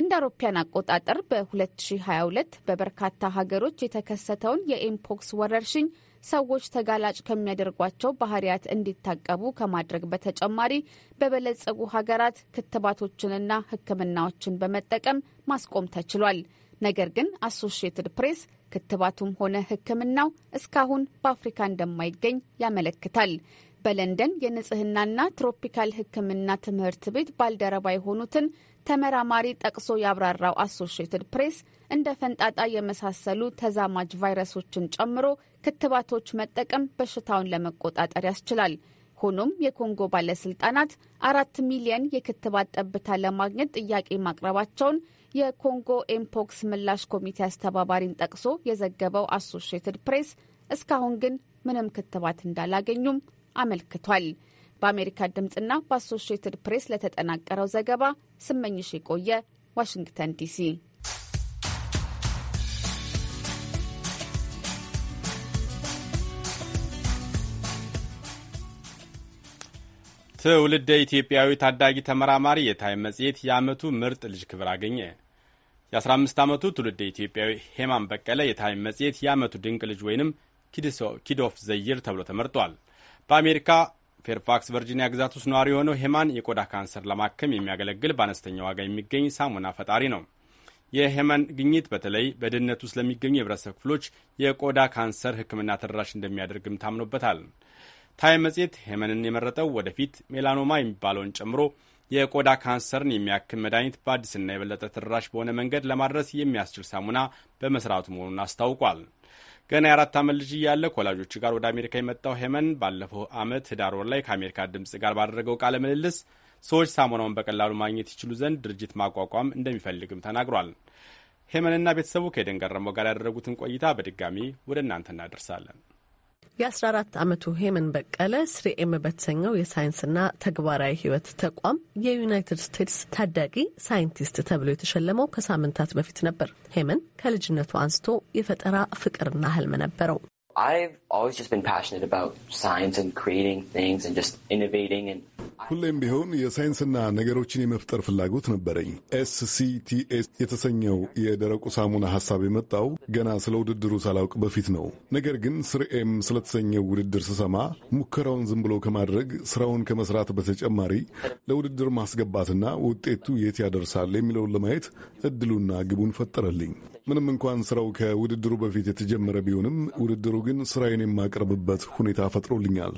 እንደ አውሮፓያን አቆጣጠር በ2022 በበርካታ ሀገሮች የተከሰተውን የኤምፖክስ ወረርሽኝ ሰዎች ተጋላጭ ከሚያደርጓቸው ባህሪያት እንዲታቀቡ ከማድረግ በተጨማሪ በበለጸጉ ሀገራት ክትባቶችንና ሕክምናዎችን በመጠቀም ማስቆም ተችሏል። ነገር ግን አሶሽየትድ ፕሬስ ክትባቱም ሆነ ሕክምናው እስካሁን በአፍሪካ እንደማይገኝ ያመለክታል። በለንደን የንጽህናና ትሮፒካል ሕክምና ትምህርት ቤት ባልደረባ የሆኑትን ተመራማሪ ጠቅሶ ያብራራው አሶሽየትድ ፕሬስ እንደ ፈንጣጣ የመሳሰሉ ተዛማጅ ቫይረሶችን ጨምሮ ክትባቶች መጠቀም በሽታውን ለመቆጣጠር ያስችላል። ሆኖም የኮንጎ ባለስልጣናት አራት ሚሊየን የክትባት ጠብታ ለማግኘት ጥያቄ ማቅረባቸውን የኮንጎ ኤምፖክስ ምላሽ ኮሚቴ አስተባባሪን ጠቅሶ የዘገበው አሶሽየትድ ፕሬስ እስካሁን ግን ምንም ክትባት እንዳላገኙም አመልክቷል። በአሜሪካ ድምፅና በአሶሽየትድ ፕሬስ ለተጠናቀረው ዘገባ ስመኝሽ የቆየ ዋሽንግተን ዲሲ። ትውልደ ኢትዮጵያዊ ታዳጊ ተመራማሪ የታይም መጽሔት የዓመቱ ምርጥ ልጅ ክብር አገኘ። የ15 ዓመቱ ትውልደ ኢትዮጵያዊ ሄማን በቀለ የታይም መጽሔት የዓመቱ ድንቅ ልጅ ወይንም ኪድ ኦፍ ዘይር ተብሎ ተመርጧል። በአሜሪካ ፌርፋክስ ቨርጂኒያ ግዛት ውስጥ ነዋሪ የሆነው ሄማን የቆዳ ካንሰር ለማከም የሚያገለግል በአነስተኛ ዋጋ የሚገኝ ሳሙና ፈጣሪ ነው። የሄማን ግኝት በተለይ በድህነት ውስጥ ለሚገኙ የህብረተሰብ ክፍሎች የቆዳ ካንሰር ሕክምና ተደራሽ እንደሚያደርግም ታምኖበታል። ታይም መጽሔት ሄመንን የመረጠው ወደፊት ሜላኖማ የሚባለውን ጨምሮ የቆዳ ካንሰርን የሚያክም መድኃኒት በአዲስና የበለጠ ተደራሽ በሆነ መንገድ ለማድረስ የሚያስችል ሳሙና በመስራቱ መሆኑን አስታውቋል። ገና የአራት ዓመት ልጅ እያለ ከወላጆቹ ጋር ወደ አሜሪካ የመጣው ሄመን ባለፈው ዓመት ህዳር ወር ላይ ከአሜሪካ ድምፅ ጋር ባደረገው ቃለ ምልልስ ሰዎች ሳሙናውን በቀላሉ ማግኘት ይችሉ ዘንድ ድርጅት ማቋቋም እንደሚፈልግም ተናግሯል። ሄመንና ቤተሰቡ ከኤደን ገረመው ጋር ያደረጉትን ቆይታ በድጋሚ ወደ እናንተ እናደርሳለን። የ14 ዓመቱ ሄመን በቀለ ስሪኤም በተሰኘው የሳይንስና ተግባራዊ ሕይወት ተቋም የዩናይትድ ስቴትስ ታዳጊ ሳይንቲስት ተብሎ የተሸለመው ከሳምንታት በፊት ነበር። ሄመን ከልጅነቱ አንስቶ የፈጠራ ፍቅርና ህልም ነበረው። ሁሌም ቢሆን የሳይንስና ነገሮችን የመፍጠር ፍላጎት ነበረኝ። ኤስሲቲኤስ የተሰኘው የደረቁ ሳሙና ሀሳብ የመጣው ገና ስለ ውድድሩ ሳላውቅ በፊት ነው። ነገር ግን ስርኤም ስለተሰኘው ውድድር ስሰማ ሙከራውን ዝም ብሎ ከማድረግ ስራውን ከመስራት በተጨማሪ ለውድድር ማስገባትና ውጤቱ የት ያደርሳል የሚለውን ለማየት እድሉና ግቡን ፈጠረልኝ። ምንም እንኳን ስራው ከውድድሩ በፊት የተጀመረ ቢሆንም ውድድሩ ግን ስራዬን የማቀርብበት ሁኔታ ፈጥሮልኛል።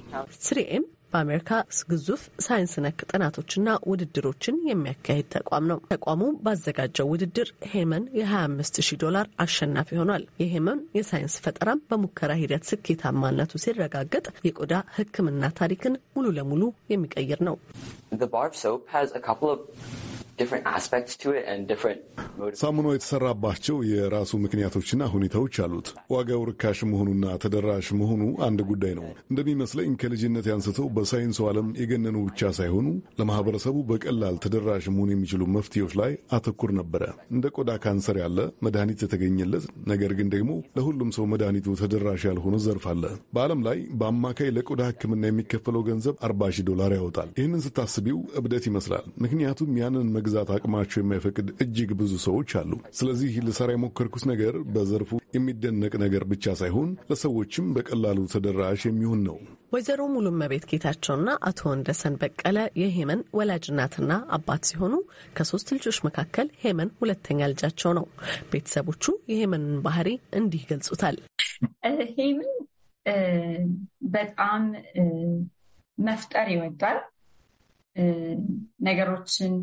ስሪኤም በአሜሪካ ግዙፍ ሳይንስ ነክ ጥናቶችና ውድድሮችን የሚያካሄድ ተቋም ነው። ተቋሙ ባዘጋጀው ውድድር ሄመን የ25 ሺህ ዶላር አሸናፊ ሆኗል። የሄመን የሳይንስ ፈጠራም በሙከራ ሂደት ስኬታማነቱ ሲረጋገጥ የቆዳ ሕክምና ታሪክን ሙሉ ለሙሉ የሚቀይር ነው። ሳሙናው የተሰራባቸው የራሱ ምክንያቶችና ሁኔታዎች አሉት። ዋጋው ርካሽ መሆኑና ተደራሽ መሆኑ አንድ ጉዳይ ነው። እንደሚመስለኝ ከልጅነት ያንስተው በሳይንሱ ዓለም የገነኑ ብቻ ሳይሆኑ ለማህበረሰቡ በቀላል ተደራሽ መሆን የሚችሉ መፍትሄዎች ላይ አተኩር ነበረ። እንደ ቆዳ ካንሰር ያለ መድኃኒት የተገኘለት ነገር ግን ደግሞ ለሁሉም ሰው መድኃኒቱ ተደራሽ ያልሆነ ዘርፍ አለ። በዓለም ላይ በአማካይ ለቆዳ ሕክምና የሚከፈለው ገንዘብ 40 ሺህ ዶላር ያወጣል። ይህንን ስታስቢው እብደት ይመስላል። ምክንያቱም ያንን መግ የመግዛት አቅማቸው የማይፈቅድ እጅግ ብዙ ሰዎች አሉ። ስለዚህ ልሰራ የሞከርኩት ነገር በዘርፉ የሚደነቅ ነገር ብቻ ሳይሆን ለሰዎችም በቀላሉ ተደራሽ የሚሆን ነው። ወይዘሮ መቤት ጌታቸውና አቶ ወንደሰን በቀለ የሄመን ወላጅናትና አባት ሲሆኑ ከሶስት ልጆች መካከል ሄመን ሁለተኛ ልጃቸው ነው። ቤተሰቦቹ የሄመንን ባህሪ እንዲህ ይገልጹታል። ሄመን በጣም መፍጠር ይወዳል ነገሮችን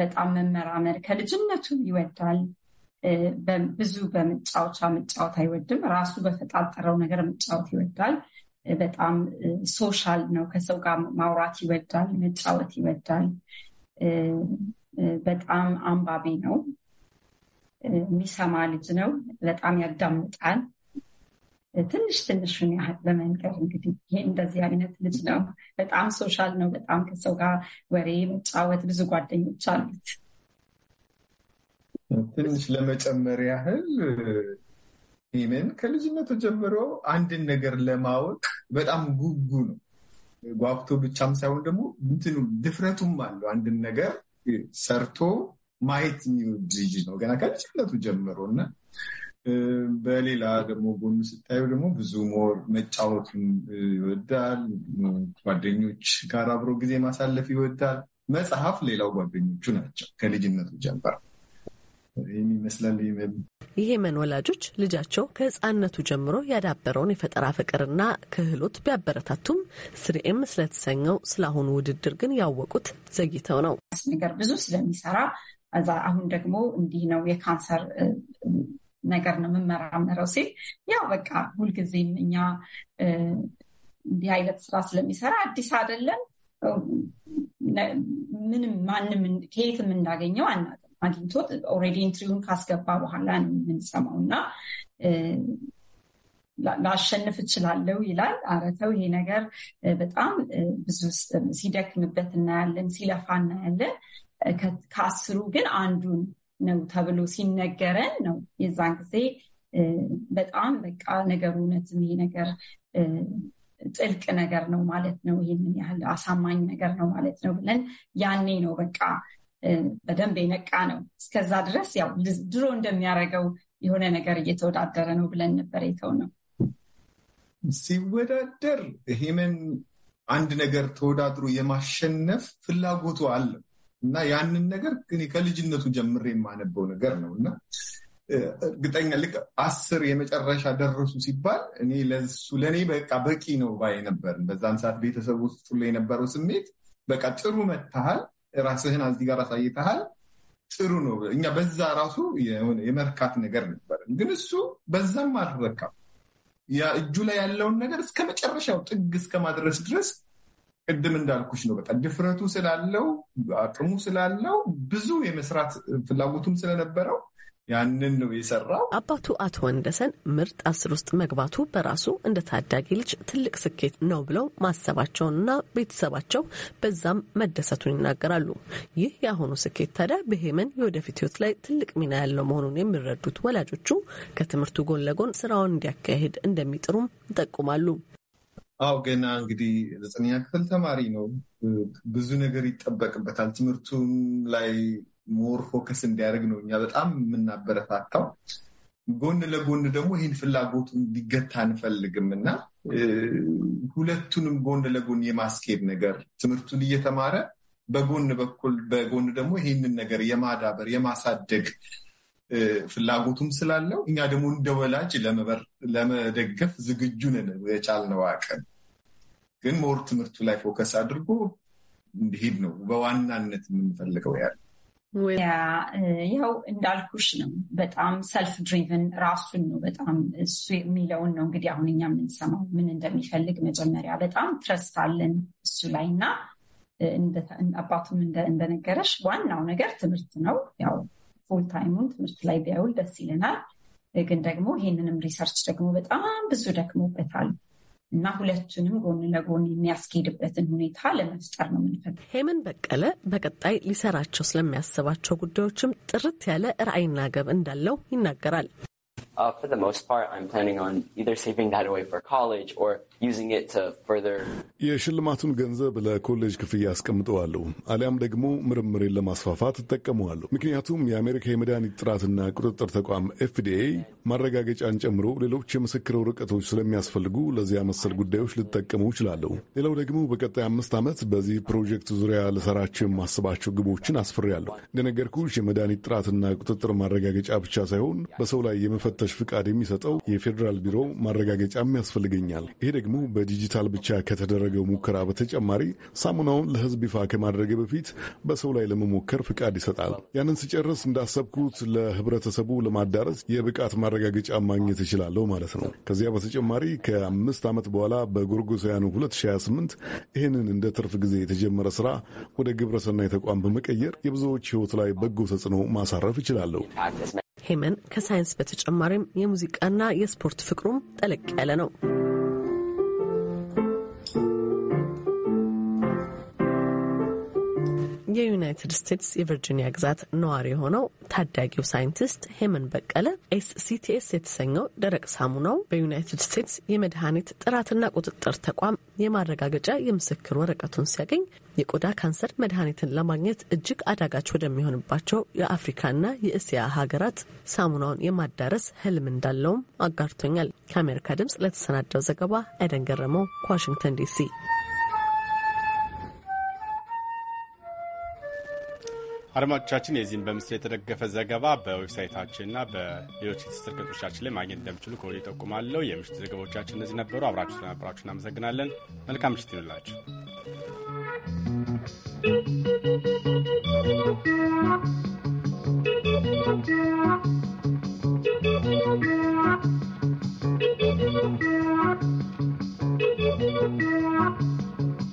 በጣም መመራመር ከልጅነቱ ይወዳል። ብዙ በመጫወቻ መጫወት አይወድም። ራሱ በፈጣጠረው ነገር መጫወት ይወዳል። በጣም ሶሻል ነው። ከሰው ጋር ማውራት ይወዳል፣ መጫወት ይወዳል። በጣም አንባቢ ነው። የሚሰማ ልጅ ነው። በጣም ያዳምጣል። ትንሽ ትንሹን ያህል ለመንገር እንግዲህ ይህ እንደዚህ አይነት ልጅ ነው። በጣም ሶሻል ነው። በጣም ከሰው ጋር ወሬ መጫወት፣ ብዙ ጓደኞች አሉት። ትንሽ ለመጨመር ያህል ይህንን ከልጅነቱ ጀምሮ አንድን ነገር ለማወቅ በጣም ጉጉ ነው። ጓጉቶ ብቻም ሳይሆን ደግሞ እንትኑ ድፍረቱም አለው። አንድን ነገር ሰርቶ ማየት የሚወድ ልጅ ነው ገና ከልጅነቱ ጀምሮ እና በሌላ ደግሞ ጎኑ ስታዩ ደግሞ ብዙ ሞር መጫወቱን ይወዳል። ጓደኞች ጋር አብሮ ጊዜ ማሳለፍ ይወዳል። መጽሐፍ ሌላው ጓደኞቹ ናቸው ከልጅነቱ ጀምበር ይመስላል። መን ወላጆች ልጃቸው ከህፃንነቱ ጀምሮ ያዳበረውን የፈጠራ ፍቅርና ክህሎት ቢያበረታቱም ስሪኤም ስለተሰኘው ስለአሁኑ ውድድር ግን ያወቁት ዘግይተው ነው። ነገር ብዙ ስለሚሰራ አሁን ደግሞ እንዲህ ነው የካንሰር ነገር ነው የምመራምረው ሲል ያው በቃ ሁልጊዜም እኛ እንዲህ አይነት ስራ ስለሚሰራ አዲስ አይደለም። ምንም ማንም ከየትም እንዳገኘው አናውቅም። አግኝቶት ኦልሬዲ ኢንትሪውን ካስገባ በኋላ ነው የምንሰማው እና ላሸንፍ እችላለሁ ይላል። አረተው ይሄ ነገር በጣም ብዙ ሲደክምበት እናያለን፣ ሲለፋ እናያለን። ከአስሩ ግን አንዱን ነው ተብሎ ሲነገረን ነው የዛን ጊዜ በጣም በቃ ነገሩ እውነትም ይሄ ነገር ጥልቅ ነገር ነው ማለት ነው፣ ይህንን ያህል አሳማኝ ነገር ነው ማለት ነው ብለን ያኔ ነው በቃ በደንብ የነቃ ነው። እስከዛ ድረስ ያው ድሮ እንደሚያደርገው የሆነ ነገር እየተወዳደረ ነው ብለን ነበር የተው ነው። ሲወዳደር ሄመን አንድ ነገር ተወዳድሮ የማሸነፍ ፍላጎቱ አለው እና ያንን ነገር ከልጅነቱ ጀምሬ የማነበው ነገር ነው እና እርግጠኛ ልክ አስር የመጨረሻ ደረሱ ሲባል እኔ ለሱ ለእኔ በቃ በቂ ነው ባይ ነበር። በዛን ሰዓት ቤተሰብ ውስጥ ሁሉ የነበረው ስሜት በቃ ጥሩ መታሃል፣ ራስህን አዚህ ጋር አሳይተሃል፣ ጥሩ ነው። እኛ በዛ ራሱ የመርካት ነገር ነበር፣ ግን እሱ በዛም አልረካም። እጁ ላይ ያለውን ነገር እስከ መጨረሻው ጥግ እስከ ማድረስ ድረስ ቅድም እንዳልኩሽ ነው። በቃ ድፍረቱ ስላለው አቅሙ ስላለው ብዙ የመስራት ፍላጎቱም ስለነበረው ያንን ነው የሰራው። አባቱ አቶ ወንደሰን ምርጥ አስር ውስጥ መግባቱ በራሱ እንደ ታዳጊ ልጅ ትልቅ ስኬት ነው ብለው ማሰባቸውንና ቤተሰባቸው በዛም መደሰቱን ይናገራሉ። ይህ የአሁኑ ስኬት ታዲያ በሄመን የወደፊት ሕይወት ላይ ትልቅ ሚና ያለው መሆኑን የሚረዱት ወላጆቹ ከትምህርቱ ጎን ለጎን ስራውን እንዲያካሄድ እንደሚጥሩም ይጠቁማሉ። አው ገና እንግዲህ ዘጠነኛ ክፍል ተማሪ ነው። ብዙ ነገር ይጠበቅበታል። ትምህርቱም ላይ ሞር ፎከስ እንዲያደርግ ነው እኛ በጣም የምናበረታታው። ጎን ለጎን ደግሞ ይህን ፍላጎቱ እንዲገታ አንፈልግም እና ሁለቱንም ጎን ለጎን የማስኬድ ነገር ትምህርቱን እየተማረ በጎን በኩል በጎን ደግሞ ይህንን ነገር የማዳበር የማሳደግ ፍላጎቱም ስላለው እኛ ደግሞ እንደ ወላጅ ለመደገፍ ዝግጁ ነን። የቻልነው አቅም ግን ሞር ትምህርቱ ላይ ፎከስ አድርጎ እንዲሄድ ነው በዋናነት የምንፈልገው ያለ ያው እንዳልኩሽ ነው። በጣም ሰልፍ ድሪቭን ራሱን ነው በጣም እሱ የሚለውን ነው እንግዲህ አሁን እኛ የምንሰማው ምን እንደሚፈልግ መጀመሪያ በጣም ትረስት አለን እሱ ላይ እና አባቱም እንደነገረሽ ዋናው ነገር ትምህርት ነው። ያው ፉል ታይሙን ትምህርት ላይ ቢያውል ደስ ይለናል። ግን ደግሞ ይህንንም ሪሰርች ደግሞ በጣም ብዙ ደክሞበታል። እና ሁለቱንም ጎን ለጎን የሚያስኬድበትን ሁኔታ ለመፍጠር ነው የምንፈልገው። ሄመን በቀለ በቀጣይ ሊሰራቸው ስለሚያስባቸው ጉዳዮችም ጥርት ያለ ራዕይና ገብ እንዳለው ይናገራል። Uh, for the most part, I'm planning on either saving that away for college or using it to further. የሽልማቱን ገንዘብ ለኮሌጅ ክፍያ አስቀምጠዋለሁ አሊያም ደግሞ ምርምሬን ለማስፋፋት እጠቀመዋለሁ። ምክንያቱም የአሜሪካ የመድኃኒት ጥራትና ቁጥጥር ተቋም ኤፍዲኤ ማረጋገጫን ጨምሮ ሌሎች የምስክር ወረቀቶች ስለሚያስፈልጉ ለዚያ መሰል ጉዳዮች ልጠቀሙ እችላለሁ። ሌላው ደግሞ በቀጣይ አምስት ዓመት በዚህ ፕሮጀክት ዙሪያ ልሰራቸው የማስባቸው ግቦችን አስፍሬያለሁ። እንደነገርኩሽ የመድኃኒት ጥራትና ቁጥጥር ማረጋገጫ ብቻ ሳይሆን በሰው ላይ የመፈተሽ ተመላላሽ ፍቃድ የሚሰጠው የፌዴራል ቢሮ ማረጋገጫም ያስፈልገኛል። ይሄ ደግሞ በዲጂታል ብቻ ከተደረገው ሙከራ በተጨማሪ ሳሙናውን ለሕዝብ ይፋ ከማድረገ በፊት በሰው ላይ ለመሞከር ፍቃድ ይሰጣል። ያንን ስጨርስ እንዳሰብኩት ለህብረተሰቡ ለማዳረስ የብቃት ማረጋገጫ ማግኘት እችላለሁ ማለት ነው። ከዚያ በተጨማሪ ከአምስት ዓመት በኋላ በጎርጎሳውያኑ 2028 ይህንን እንደ ትርፍ ጊዜ የተጀመረ ስራ ወደ ግብረሰናይ ተቋም በመቀየር የብዙዎች ህይወት ላይ በጎ ተጽዕኖ ማሳረፍ እችላለሁ። ሄመን ከሳይንስ በተጨማሪም የሙዚቃና የስፖርት ፍቅሩም ጠለቅ ያለ ነው። የዩናይትድ ስቴትስ የቨርጂኒያ ግዛት ነዋሪ የሆነው ታዳጊው ሳይንቲስት ሄመን በቀለ ኤስሲቲኤስ የተሰኘው ደረቅ ሳሙናው በዩናይትድ ስቴትስ የመድኃኒት ጥራትና ቁጥጥር ተቋም የማረጋገጫ የምስክር ወረቀቱን ሲያገኝ የቆዳ ካንሰር መድኃኒትን ለማግኘት እጅግ አዳጋች ወደሚሆንባቸው የአፍሪካና የእስያ ሀገራት ሳሙናውን የማዳረስ ህልም እንዳለውም አጋርቶኛል። ከአሜሪካ ድምጽ ለተሰናደው ዘገባ አይደን ገረመው ከዋሽንግተን ዲሲ አድማጮቻችን የዚህም በምስል የተደገፈ ዘገባ በዌብሳይታችንና በሌሎች የትስስር ገጾቻችን ላይ ማግኘት እንደምችሉ ከወዲሁ ይጠቁማለሁ። የምሽት ዘገባዎቻችን እነዚህ ነበሩ። አብራችሁ ስለነበራችሁ እናመሰግናለን። መልካም ምሽት you.